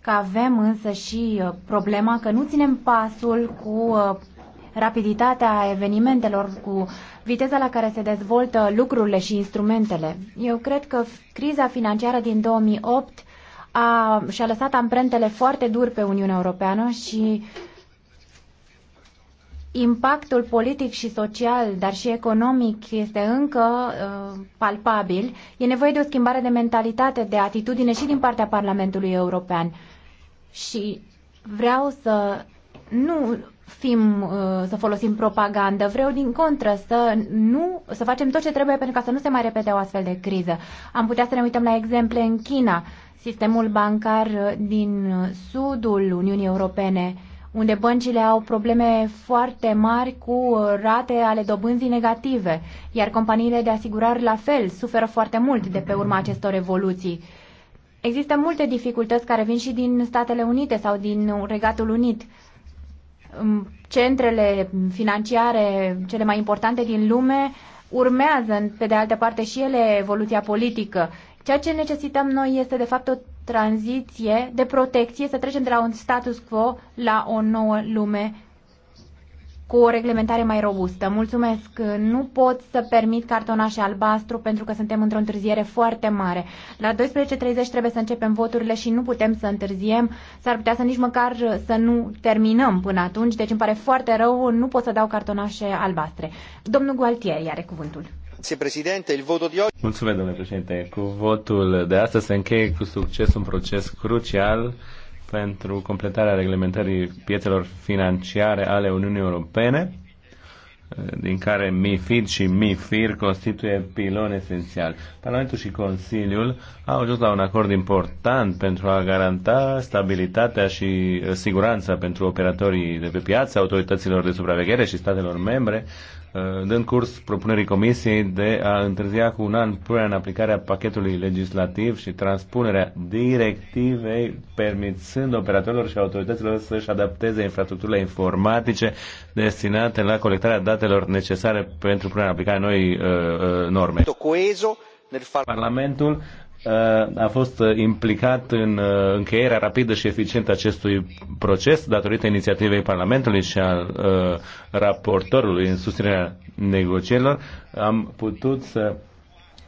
că avem însă și uh, problema că nu ținem pasul cu uh, rapiditatea evenimentelor, cu viteza la care se dezvoltă lucrurile și instrumentele. Eu cred că criza financiară din 2008 a, și-a lăsat amprentele foarte dur pe Uniunea Europeană și uh, impactul politic și social, dar și economic, este încă uh, palpabil, e nevoie de o schimbare de mentalitate, de atitudine și din partea Parlamentului European. Și vreau să nu fim, uh, să folosim propagandă. Vreau din contră să nu, să facem tot ce trebuie pentru ca să nu se mai repete o astfel de criză. Am putea să ne uităm la exemple în China, sistemul bancar uh, din uh, sudul Uniunii Europene, unde băncile au probleme foarte mari cu rate ale dobânzii negative, iar companiile de asigurări la fel suferă foarte mult de pe urma acestor evoluții. Există multe dificultăți care vin și din Statele Unite sau din Regatul Unit. Centrele financiare cele mai importante din lume urmează, pe de altă parte, și ele evoluția politică. Ceea ce necesităm noi este, de fapt, o tranziție, de protecție, să trecem de la un status quo la o nouă lume cu o reglementare mai robustă. Mulțumesc. Nu pot să permit cartonașe albastru pentru că suntem într-o întârziere foarte mare. La 12.30 trebuie să începem voturile și nu putem să întârziem. S-ar putea să nici măcar să nu terminăm până atunci, deci îmi pare foarte rău, nu pot să dau cartonașe albastre. Domnul Gualtieri are cuvântul. Mulțumesc, domnule președinte. Cu votul de astăzi se încheie cu succes un proces crucial pentru completarea reglementării piețelor financiare ale Uniunii Europene din care MIFID și MIFIR constituie pilon esențial. Parlamentul și Consiliul au ajuns la un acord important pentru a garanta stabilitatea și uh, siguranța pentru operatorii de pe piață, autorităților de supraveghere și statelor membre, uh, dând curs propunerii Comisiei de a întârzia cu un an până în aplicarea pachetului legislativ și transpunerea directivei, permițând operatorilor și autorităților să-și adapteze infrastructurile informatice destinate la colectarea datelor datelor necesare pentru punerea în aplicare noi uh, uh norme. Parlamentul uh, a fost uh, implicat în încheierea rapidă și eficientă acestui proces datorită inițiativei Parlamentului și al raportorului în susținerea negocierilor. Am putut să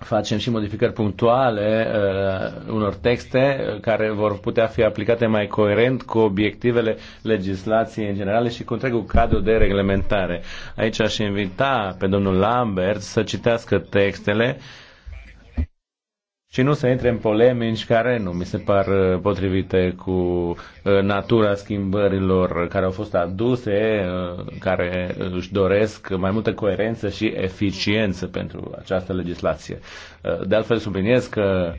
facem și modificări punctuale uh, unor texte uh, care vor putea fi aplicate mai coerent cu obiectivele legislației în generale și cu întregul cadru de reglementare. Aici aș invita pe domnul Lambert să citească textele uh, și nu să intre în polemici care nu mi se par uh, potrivite cu uh, natura schimbărilor care au fost aduse, uh, care își doresc mai multă coerență și eficiență pentru această legislație. De altfel, subliniez că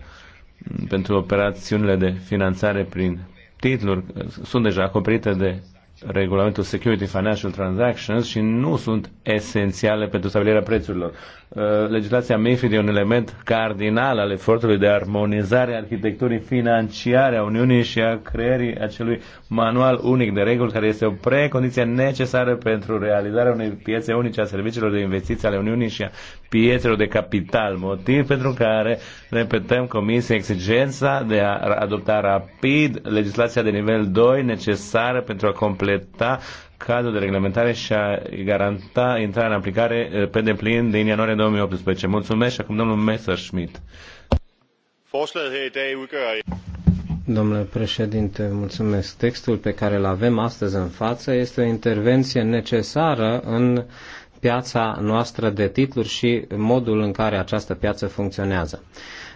mm, pentru operațiunile de finanțare prin titluri sunt deja acoperite de regulamentul Security Financial Transactions și nu sunt esențiale pentru stabilirea prețurilor. Uh, legislația MIFID e un element cardinal al efortului de armonizare a arhitecturii financiare a Uniunii și a creării acelui manual unic de reguli care este o precondiție necesară pentru realizarea unei piețe unice a serviciilor de investiții ale Uniunii și a piețelor de capital, motiv pentru care repetăm Comisia exigența de a adopta rapid legislația de nivel 2 necesară pentru a completa cadrul de reglementare și a garanta intrarea în aplicare eh, pe deplin din ianuarie 2018. Mulțumesc și acum domnul Messerschmidt. Domnule președinte, mulțumesc. Textul pe care îl avem astăzi în față este o intervenție necesară în piața noastră de titluri și modul în care această piață funcționează.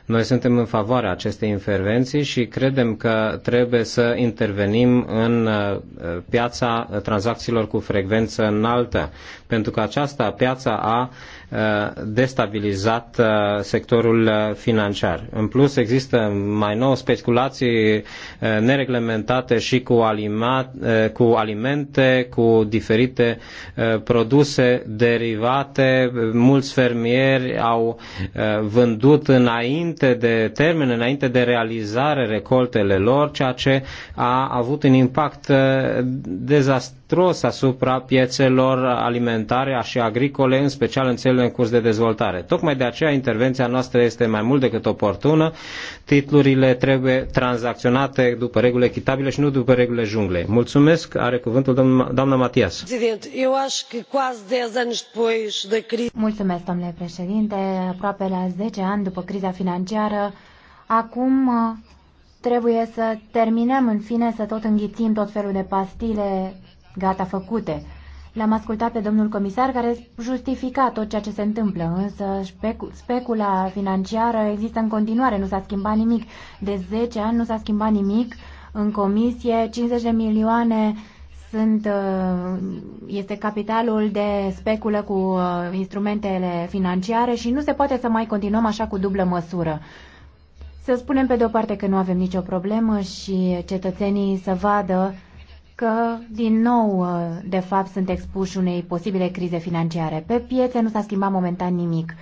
Noi suntem în favoarea acestei intervenții și credem că trebuie să intervenim în uh, piața tranzacțiilor cu frecvență înaltă, pentru că aceasta, piața a Uh, destabilizat uh, sectorul uh, financiar. În plus, există mai nou speculații nereglementate și cu, alima, cu alimente, cu diferite produse derivate. Mulți fermieri au vândut înainte de termen, înainte de realizare recoltele lor, ceea ce a avut un impact dezastru deastros asupra piețelor alimentare și agricole, în special în țările în curs de dezvoltare. Tocmai de aceea intervenția noastră este mai mult decât oportună. Titlurile trebuie tranzacționate după reguli echitabile și nu după regulile junglei. Mulțumesc. Are cuvântul doamna Matias. Mulțumesc, domnule președinte. Aproape la 10 ani după criza financiară, acum uh, trebuie să terminăm în fine să tot înghițim tot felul de pastile gata făcute. L-am ascultat pe domnul comisar care justifica tot ceea ce se întâmplă, însă specula financiară există în continuare, nu s-a schimbat nimic. De 10 ani nu s-a schimbat nimic în comisie, 50 de milioane sunt, uh, este capitalul de speculă cu uh, instrumentele financiare și nu se poate să mai continuăm așa cu dublă măsură. Să spunem pe de o parte că nu avem nicio problemă și cetățenii să vadă că din nou, ă, de fapt, sunt expuși unei posibile crize financiare. Pe piețe nu s-a schimbat momentan nimic.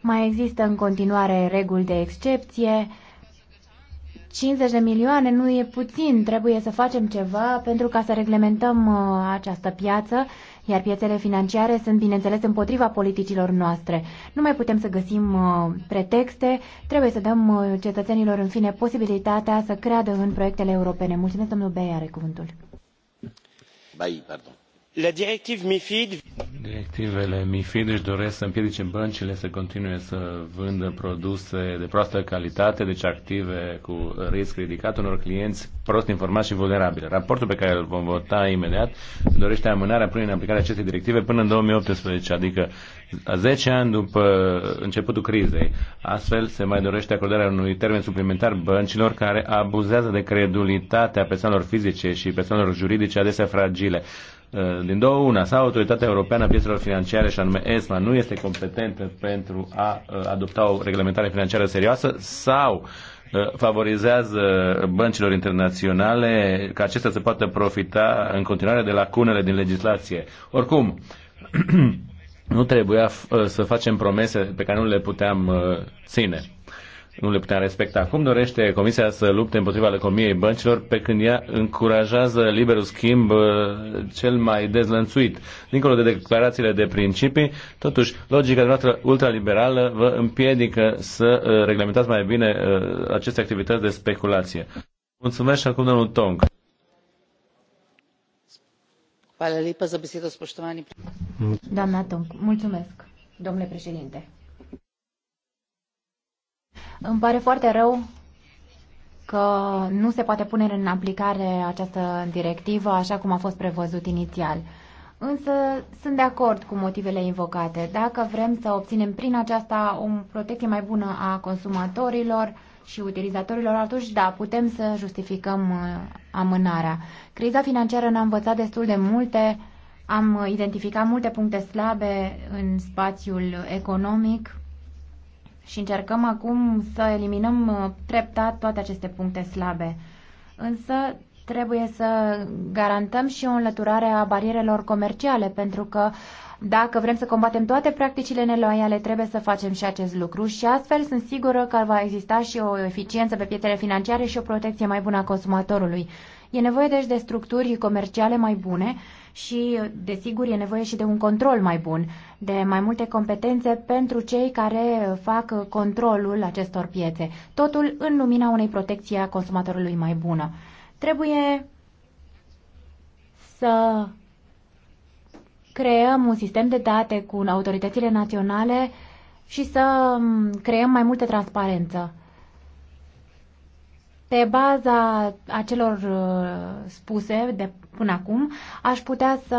Mai există în continuare reguli de excepție. 50 de milioane nu e puțin, trebuie să facem ceva pentru ca să reglementăm ă, această piață, iar piețele financiare sunt, bineînțeles, împotriva politicilor noastre. Nu mai putem să găsim ă, pretexte, trebuie să dăm cetățenilor, în fine, posibilitatea să creadă în proiectele europene. Mulțumesc, domnul Bey, are cuvântul bei pardon. MIFID... Directivele MIFID își doresc să împiedice băncile să continue să vândă produse de proastă calitate, deci active cu risc ridicat unor clienți prost informați și vulnerabili. Raportul pe care îl vom vota imediat dorește amânarea până în aplicarea acestei directive până în 2018, adică 10 ani după începutul crizei. Astfel se mai dorește acordarea unui termen suplimentar băncilor care abuzează de credulitatea persoanelor fizice și persoanelor juridice adesea fragile. Uh, din două una, sau Autoritatea Europeană a Piețelor Financiare, și anume ESMA, nu este competentă pentru a uh, adopta o reglementare financiară serioasă, sau uh, favorizează băncilor internaționale ca acestea să poată profita în continuare de lacunele din legislație. Oricum, nu trebuia să facem promese pe care nu le puteam ține nu le putea respecta. Cum dorește Comisia să lupte împotriva lăcomiei băncilor pe când ea încurajează liberul schimb uh, cel mai dezlănțuit? Dincolo de declarațiile de principii, totuși, logica noastră ultraliberală vă împiedică să uh, reglementați mai bine uh, aceste activități de speculație. Mulțumesc și acum domnul Tong. Doamna Tong, mulțumesc, domnule președinte. Îmi pare foarte rău că nu se poate pune în aplicare această directivă așa cum a fost prevăzut inițial. Însă sunt de acord cu motivele invocate. Dacă vrem să obținem prin aceasta o protecție mai bună a consumatorilor și utilizatorilor, atunci da, putem să justificăm uh, amânarea. Criza financiară ne-a învățat destul de multe, am identificat multe puncte slabe în spațiul economic și încercăm acum să eliminăm uh, treptat toate aceste puncte slabe. Însă trebuie să garantăm și o înlăturare a barierelor comerciale, pentru că dacă vrem să combatem toate practicile neloiale, trebuie să facem și acest lucru și astfel sunt sigură că va exista și o eficiență pe piețele financiare și o protecție mai bună a consumatorului. E nevoie deci de structuri comerciale mai bune și, desigur, e nevoie și de un control mai bun, de mai multe competențe pentru cei care fac controlul acestor piețe. Totul în lumina unei protecții a consumatorului mai bună. Trebuie să creăm un sistem de date cu autoritățile naționale și să creăm mai multă transparență. Pe baza acelor uh, spuse de până acum, aș putea să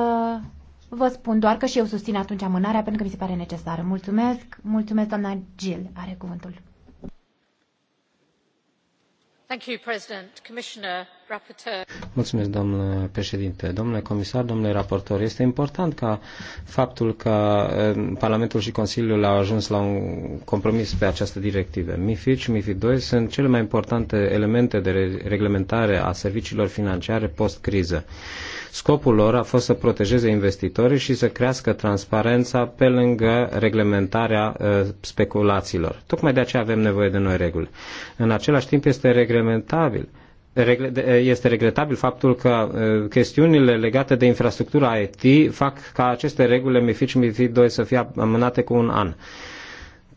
vă spun doar că și eu susțin atunci amânarea pentru că mi se pare necesară. Mulțumesc, mulțumesc doamna Gil, are cuvântul. Thank you, President, Commissioner. Mulțumesc, domnule președinte. Domnule comisar, domnule raportor, este important ca faptul că eh, Parlamentul și Consiliul au ajuns la un compromis pe această directivă. MIFID și MIFID 2 sunt cele mai importante elemente de reglementare a serviciilor financiare post-criză. Scopul lor a fost să protejeze investitorii și să crească transparența pe lângă reglementarea eh, speculațiilor. Tocmai de aceea avem nevoie de noi reguli. În același timp este reglementabil este regretabil faptul că uh, chestiunile legate de infrastructura IT fac ca aceste reguli MIFID și MIFID 2 să fie amânate cu un an.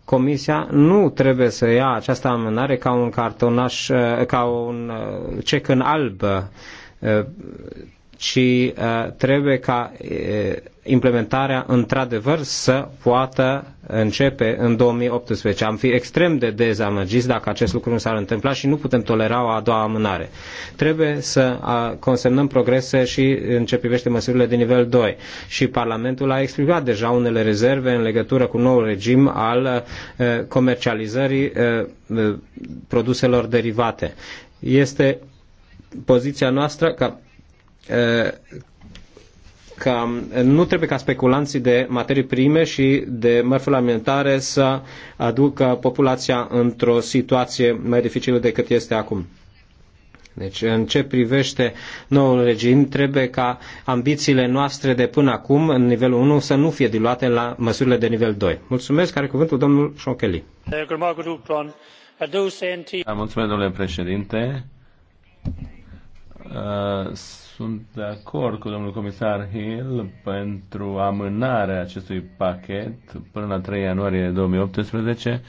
Comisia nu trebuie să ia această amânare ca un cartonaș, uh, ca un uh, cec în alb ci uh, trebuie ca uh, implementarea într-adevăr să poată începe în 2018. Am fi extrem de dezamăgiți dacă acest lucru nu s-ar întâmpla și nu putem tolera o a doua amânare. Trebuie să uh, consemnăm progrese și în ce privește măsurile de nivel 2. Și Parlamentul a explicat deja unele rezerve în legătură cu noul regim al comercializării produselor derivate. Este poziția noastră ca Uh, că nu trebuie ca speculanții de materii prime și de mărfuri alimentare să aducă populația într-o situație mai dificilă decât este acum. Deci, în ce privește noul regim, trebuie ca ambițiile noastre de până acum, în nivelul 1, să nu fie diluate la măsurile de nivel 2. Mulțumesc, care cuvântul domnul Șoncheli. Mulțumesc, domnule președinte. Uh, sunt de acord cu domnul comisar Hill pentru amânarea acestui pachet până la 3 ianuarie 2018,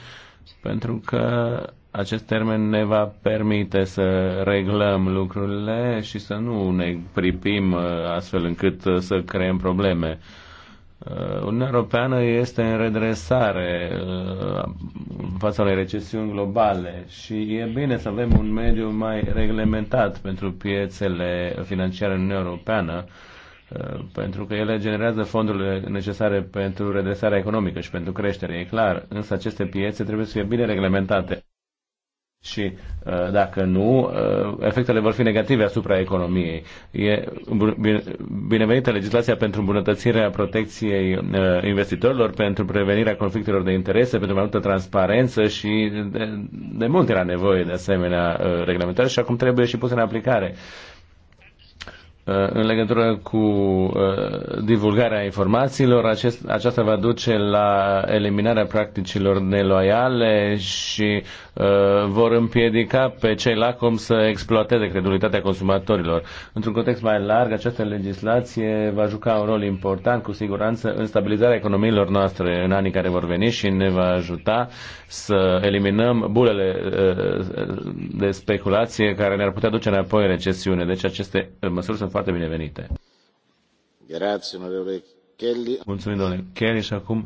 pentru că acest termen ne va permite să reglăm lucrurile și să nu ne pripim uh, astfel încât să creăm probleme Uh, Uniunea Europeană este în redresare uh, în fața unei recesiuni globale și e bine să avem un mediu mai reglementat pentru piețele financiare în Uniunea Europeană, uh, pentru că ele generează fondurile necesare pentru redresarea economică și pentru creștere, e clar, însă aceste piețe trebuie să fie bine reglementate și uh, dacă nu, uh, efectele vor fi negative asupra economiei. E binevenită legislația pentru îmbunătățirea protecției uh, investitorilor, pentru prevenirea conflictelor de interese, pentru mai multă transparență și de, de mult era nevoie de asemenea reglementare și acum trebuie și pus în aplicare în legătură cu uh, divulgarea informațiilor, acest, aceasta va duce la eliminarea practicilor neloiale și uh, vor împiedica pe cei lacom să exploateze credulitatea consumatorilor. Într-un context mai larg, această legislație va juca un rol important, cu siguranță, în stabilizarea economiilor noastre în anii care vor veni și ne va ajuta să eliminăm bulele uh, de speculație care ne-ar putea duce înapoi în recesiune. Deci aceste măsuri sunt foarte binevenite. Grazie, onorevole Kelly. Mulțumim, domnule Kelly, și acum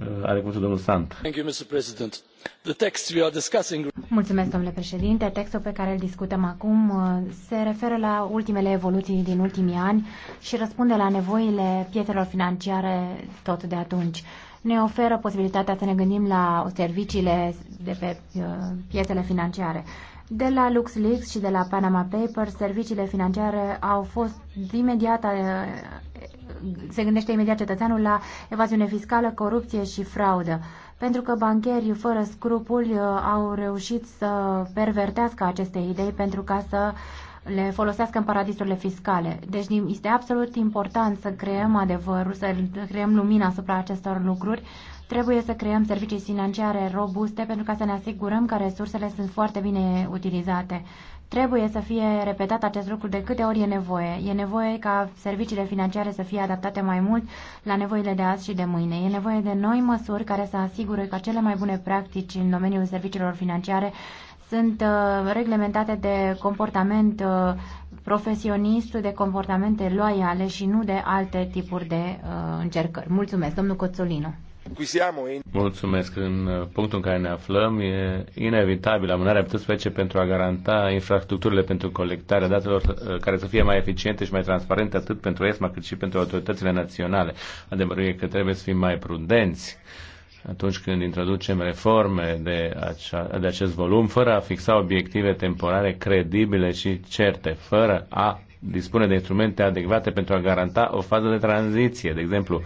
uh, are cuvântul domnul Sant. Thank you, Mr. President. The text we are discussing... Mulțumesc, domnule președinte. Textul pe care îl discutăm acum uh, se referă la ultimele evoluții din ultimii ani și răspunde la nevoile pietrelor financiare tot de atunci ne oferă posibilitatea să ne gândim la serviciile de pe uh, piețele financiare. De la LuxLeaks și de la Panama Papers, serviciile financiare au fost imediat, uh, se gândește imediat cetățeanul la evaziune fiscală, corupție și fraudă. Pentru că bancherii fără scrupuli uh, au reușit să pervertească aceste idei pentru ca să le folosească în paradisurile fiscale. Deci este absolut important să creăm adevărul, să creăm lumina asupra acestor lucruri Trebuie să creăm servicii financiare robuste pentru ca să ne asigurăm că resursele sunt foarte bine utilizate. Trebuie să fie repetat acest lucru de câte ori e nevoie. E nevoie ca serviciile financiare să fie adaptate mai mult la nevoile de azi și de mâine. E nevoie de noi măsuri care să asigure că cele mai bune practici în domeniul serviciilor financiare sunt uh, reglementate de comportament uh, profesionist, de comportamente loiale și nu de alte tipuri de uh, încercări. Mulțumesc, domnul Coțolino. Mulțumesc. În uh, punctul în care ne aflăm e inevitabil amânarea puteți face pentru a garanta infrastructurile pentru colectarea datelor uh, care să fie mai eficiente și mai transparente atât pentru ESMA cât și pentru autoritățile naționale. Adevărul e că trebuie să fim mai prudenți atunci când introducem reforme de, acea, de acest volum, fără a fixa obiective temporare credibile și certe, fără a dispune de instrumente adecvate pentru a garanta o fază de tranziție, de exemplu, uh,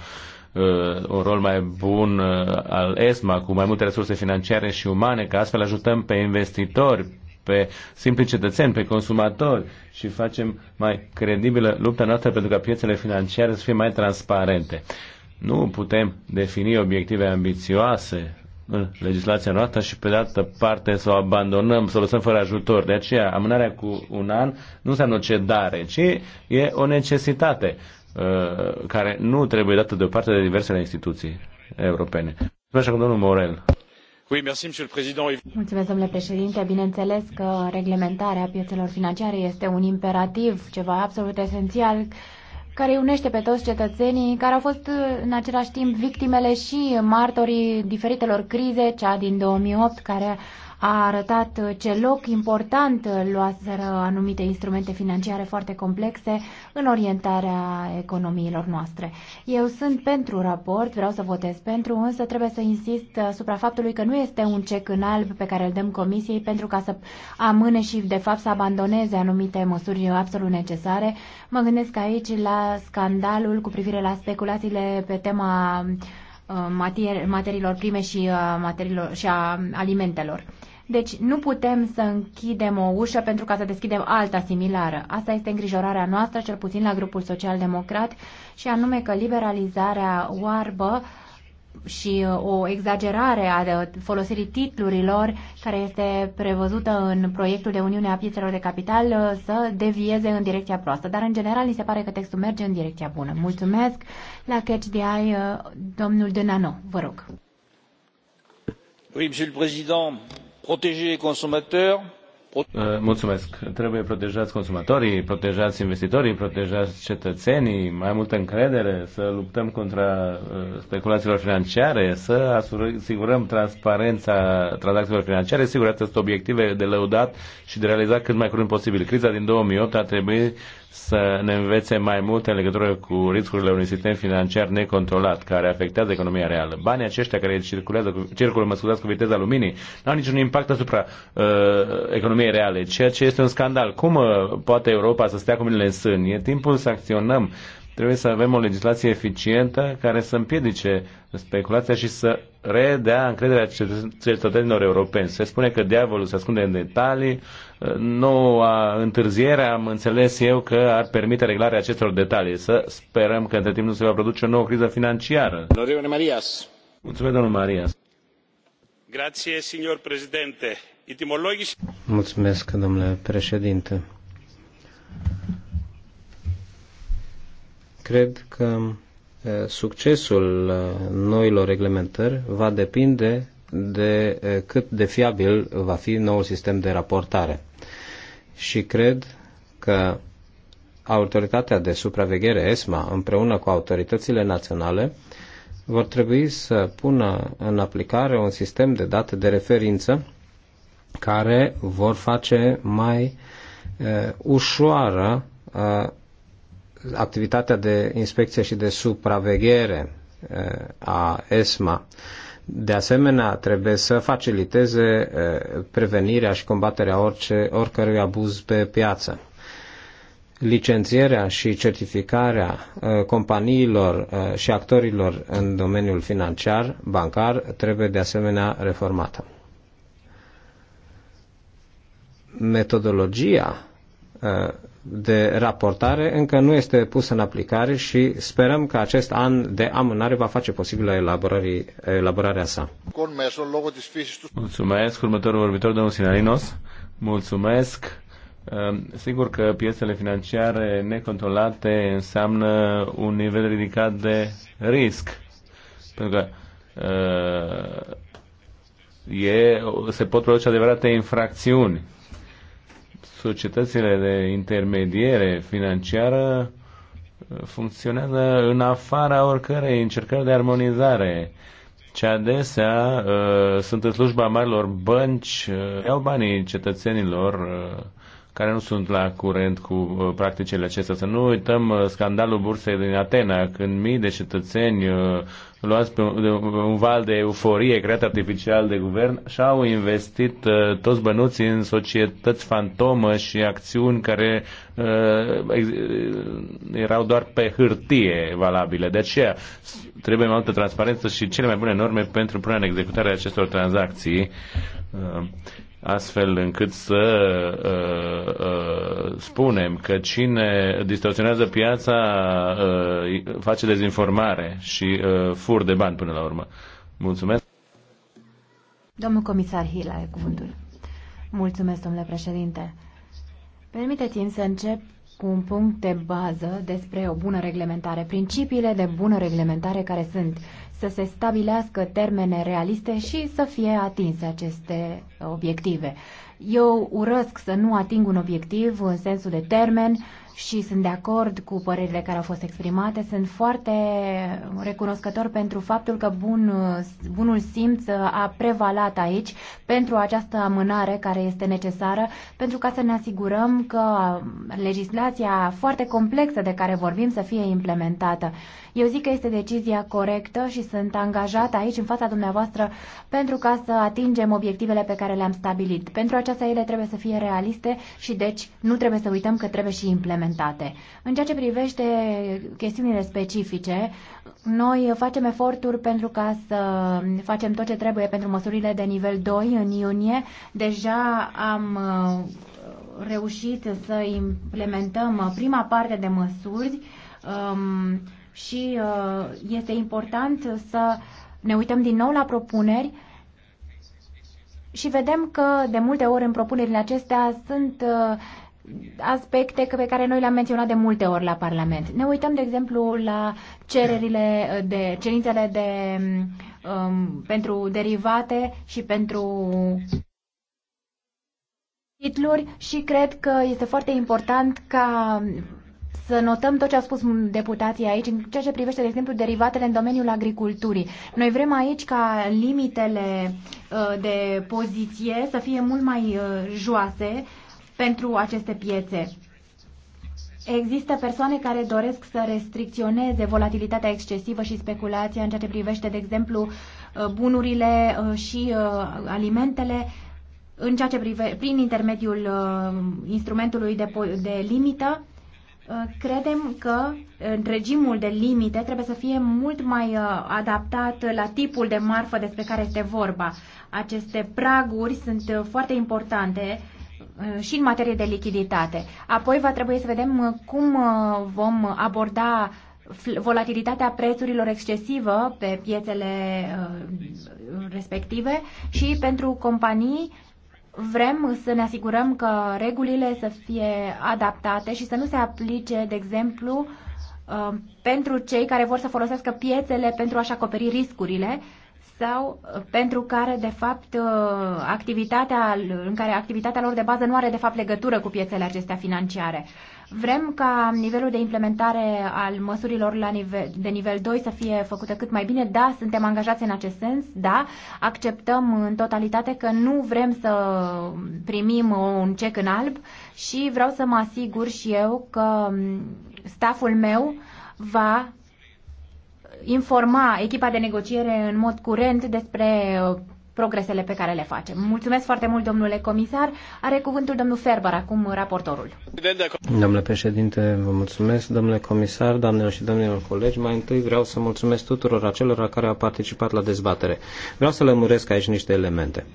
Uh, un rol mai bun uh, al ESMA cu mai multe resurse financiare și umane, ca astfel ajutăm pe investitori, pe simpli cetățeni, pe consumatori și facem mai credibilă lupta noastră pentru ca piețele financiare să fie mai transparente. Nu putem defini obiective ambițioase în legislația noastră și pe de altă parte să o abandonăm, să o lăsăm fără ajutor. De aceea, amânarea cu un an nu înseamnă o cedare, ci e o necesitate. Uh, care nu trebuie dată deoparte de diversele instituții europene. Mulțumesc domnul Morel. Mulțumesc, domnule președinte. Bineînțeles că reglementarea piețelor financiare este un imperativ, ceva absolut esențial, care unește pe toți cetățenii care au fost uh, în același timp victimele și martorii diferitelor crize, cea din 2008, care a arătat ce loc important luaseră anumite instrumente financiare foarte complexe în orientarea economiilor noastre. Eu sunt pentru raport, vreau să votez pentru, însă trebuie să insist asupra faptului că nu este un cec în alb pe care îl dăm comisiei pentru ca să amâne și de fapt să abandoneze anumite măsuri absolut necesare. Mă gândesc aici la scandalul cu privire la speculațiile pe tema uh, materiilor prime și, uh, materiilor, și a alimentelor. Deci nu putem să închidem o ușă pentru ca să deschidem alta similară. Asta este îngrijorarea noastră, cel puțin la grupul social-democrat, și anume că liberalizarea oarbă și uh, o exagerare a uh, folosirii titlurilor care este prevăzută în proiectul de Uniune a Piețelor de Capital uh, să devieze în direcția proastă. Dar, în general, mi se pare că textul merge în direcția bună. Mulțumesc la Catch the Eye, domnul Dânano, Vă rog. Oui, monsieur le président, Uh, Trebuie protejați consumatorii, protejați investitorii, protejați cetățenii, mai multă încredere, să luptăm contra uh, speculațiilor financiare, să asigurăm transparența tranzacțiilor financiare. Sigur, acestea sunt obiective de lăudat și de realizat cât mai curând posibil. Criza din 2008 a trebuit să ne învețe mai multe în legătură cu riscurile unui sistem financiar necontrolat care afectează economia reală. Banii aceștia care circulează, circulă, mă scuzați, cu viteza luminii, n-au niciun impact asupra uh, economiei reale, ceea ce este un scandal. Cum uh, poate Europa să stea cu mâinile în sân? E timpul să acționăm Trebuie să avem o legislație eficientă care să împiedice speculația și să redea încrederea cetățenilor europeni. Se spune că diavolul se ascunde în detalii. Noua întârziere am înțeles eu că ar permite reglarea acestor detalii. Să sperăm că între timp nu se va produce o nouă criză financiară. Domnule Marias. Mulțumesc, domnul Marias. Grație, signor președinte. Mulțumesc, domnule președinte. Cred că uh, succesul uh, noilor reglementări va depinde de uh, cât de fiabil va fi noul sistem de raportare. Și cred că autoritatea de supraveghere ESMA împreună cu autoritățile naționale vor trebui să pună în aplicare un sistem de date de referință care vor face mai uh, ușoară uh, activitatea de inspecție și de supraveghere eh, a ESMA. De asemenea, trebuie să faciliteze eh, prevenirea și combaterea orice, oricărui abuz pe piață. Licențierea și certificarea eh, companiilor și actorilor în domeniul financiar, bancar, trebuie de asemenea reformată. Metodologia de raportare încă nu este pus în aplicare și sperăm că acest an de amânare va face posibilă elaborarea sa. Mulțumesc. Următorul vorbitor, domnul Sinalinos. Mulțumesc. Ehm, sigur că piețele financiare necontrolate înseamnă un nivel ridicat de risc. Pentru că ehm, e, se pot produce adevărate infracțiuni societățile de intermediere financiară uh, funcționează în afara oricărei încercări de armonizare ce adesea uh, sunt în slujba marilor bănci, uh, iau banii cetățenilor uh, care nu sunt la curent cu uh, practicile acestea. Să nu uităm uh, scandalul bursei din Atena, când mii de cetățeni uh, luați pe un, val de euforie creat artificial de guvern și-au investit toți bănuții în societăți fantomă și acțiuni care erau doar pe hârtie valabile. De aceea trebuie mai multă transparență și cele mai bune norme pentru punerea în executare a acestor tranzacții astfel încât să uh, uh, spunem că cine distorsionează piața uh, face dezinformare și uh, fur de bani până la urmă. Mulțumesc. Domnul comisar Hila e cuvântul. Mulțumesc, domnule președinte. Permiteți-mi să încep cu un punct de bază despre o bună reglementare, principiile de bună reglementare care sunt să se stabilească termene realiste și să fie atinse aceste obiective. Eu urăsc să nu ating un obiectiv în sensul de termen și sunt de acord cu părerile care au fost exprimate. Sunt foarte recunoscător pentru faptul că bun, bunul simț a prevalat aici pentru această amânare care este necesară pentru ca să ne asigurăm că legislația foarte complexă de care vorbim să fie implementată. Eu zic că este decizia corectă și sunt angajat aici în fața dumneavoastră pentru ca să atingem obiectivele pe care le-am stabilit. Pentru aceasta ele trebuie să fie realiste și deci nu trebuie să uităm că trebuie și implementate implementate. În ceea ce privește chestiunile specifice, noi facem eforturi pentru ca să facem tot ce trebuie pentru măsurile de nivel 2 în iunie. Deja am uh, reușit să implementăm prima parte de măsuri um, și uh, este important să ne uităm din nou la propuneri și vedem că de multe ori în propunerile acestea sunt uh, aspecte pe care noi le-am menționat de multe ori la Parlament. Ne uităm, de exemplu, la cererile eh, de, cerințele de, um, pentru derivate și pentru titluri și cred că este foarte important ca să notăm tot ce au spus deputații aici în ceea ce privește, de exemplu, derivatele în domeniul agriculturii. Noi vrem aici ca limitele eh, de poziție să fie mult mai eh, joase pentru aceste piețe. Există persoane care doresc să restricționeze volatilitatea excesivă și speculația în ceea ce privește, de exemplu, uh, bunurile uh, și uh, alimentele în ceea ce prive, prin intermediul instrumentului de, de limită. Credem că regimul de limite trebuie să fie mult mai adaptat la tipul de marfă despre care este vorba. Aceste praguri sunt foarte importante Uh, și în materie de lichiditate. Apoi va trebui să vedem uh, cum uh, vom aborda volatilitatea prețurilor excesivă pe piețele respective și pentru companii vrem să ne asigurăm că regulile să fie adaptate și să nu se aplice, de exemplu, pentru cei care vor să folosească piețele pentru a-și acoperi riscurile sau pentru care, de fapt, uh, activitatea, în care activitatea lor de bază nu are, de fapt, legătură cu piețele acestea financiare. Vrem ca nivelul de implementare al măsurilor la nivel, de nivel 2 să fie făcută cât mai bine. Da, suntem angajați în acest sens, da, acceptăm în totalitate că nu vrem să primim un cec în alb și vreau să mă asigur și eu că mm, staful meu va informa echipa de negociere în mod curent despre uh, progresele pe care le facem. Mulțumesc foarte mult, domnule comisar. Are cuvântul domnul Ferber, acum uh, raportorul. Domnule președinte, vă mulțumesc. Domnule comisar, doamnelor și domnilor colegi, mai întâi vreau să mulțumesc tuturor acelora care au participat la dezbatere. Vreau să lămuresc aici niște elemente.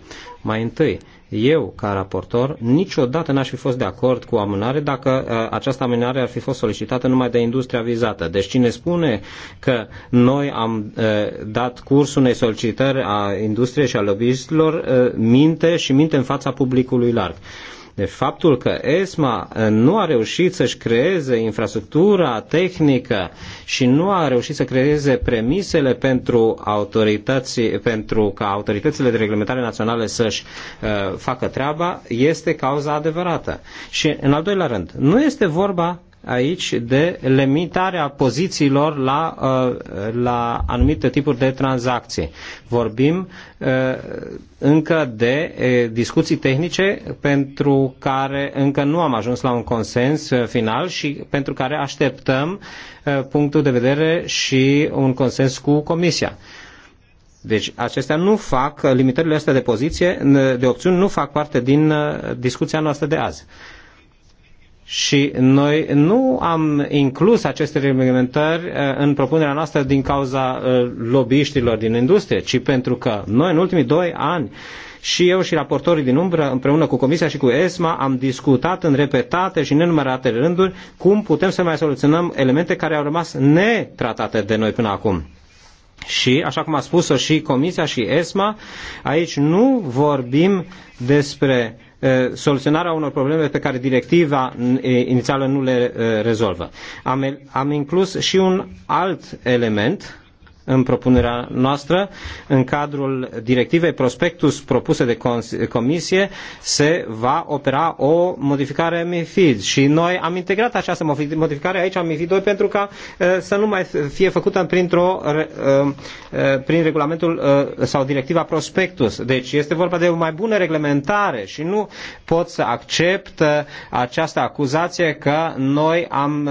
Mai întâi, eu, ca raportor, niciodată n-aș fi fost de acord cu amânare dacă uh, această amânare ar fi fost solicitată numai de industria vizată. Deci cine spune că noi am uh, dat curs unei solicitări a industriei și a lobbyistilor, uh, minte și minte în fața publicului larg. Uh, de faptul că ESMA uh, nu a reușit să-și creeze infrastructura tehnică și nu a reușit să creeze premisele pentru, autorități, pentru ca autoritățile de reglementare naționale să-și uh, facă treaba, este cauza adevărată. Și în al doilea rând, nu este vorba aici de limitarea pozițiilor la, uh, la anumite tipuri de tranzacții. Vorbim uh, încă de uh, discuții tehnice pentru care încă nu am ajuns la un consens final și pentru care așteptăm punctul de vedere și un consens cu Comisia. Deci acestea nu fac, limitările astea de poziție, de opțiuni, nu fac parte din discuția noastră de azi și noi nu am inclus aceste reglementări eh, în propunerea noastră din cauza eh, lobbyiștilor din industrie, ci pentru că noi în ultimii doi ani și eu și raportorii din umbră, împreună cu Comisia și cu ESMA, am discutat în repetate și nenumărate rânduri cum putem să mai soluționăm elemente care au rămas netratate de noi până acum. Și, așa cum a spus-o și Comisia și ESMA, aici nu vorbim despre soluționarea unor probleme pe care directiva inițială nu le rezolvă. Am, am inclus și un alt element în propunerea noastră, în cadrul directivei prospectus propuse de comisie, se va opera o modificare MIFID și noi am integrat această modificare aici, MIFID 2, pentru ca uh, să nu mai fie făcută printr-o, uh, uh, prin regulamentul sau directiva prospectus. Deci este vorba de o mai bună reglementare și nu pot să accept această acuzație că noi am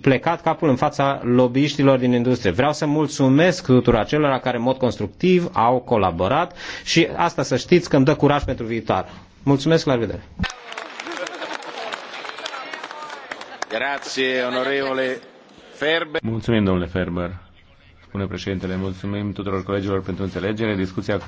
plecat capul în fața lobbyiștilor din industrie. Vreau să mulțumesc mulțumesc tuturor acelora care în mod constructiv au colaborat și asta să știți că îmi dă curaj pentru viitor. Mulțumesc, la revedere! Grazie, onorevole Ferber. Mulțumim, domnule Ferber. Spune președintele, mulțumim tuturor colegilor pentru înțelegere. Discuția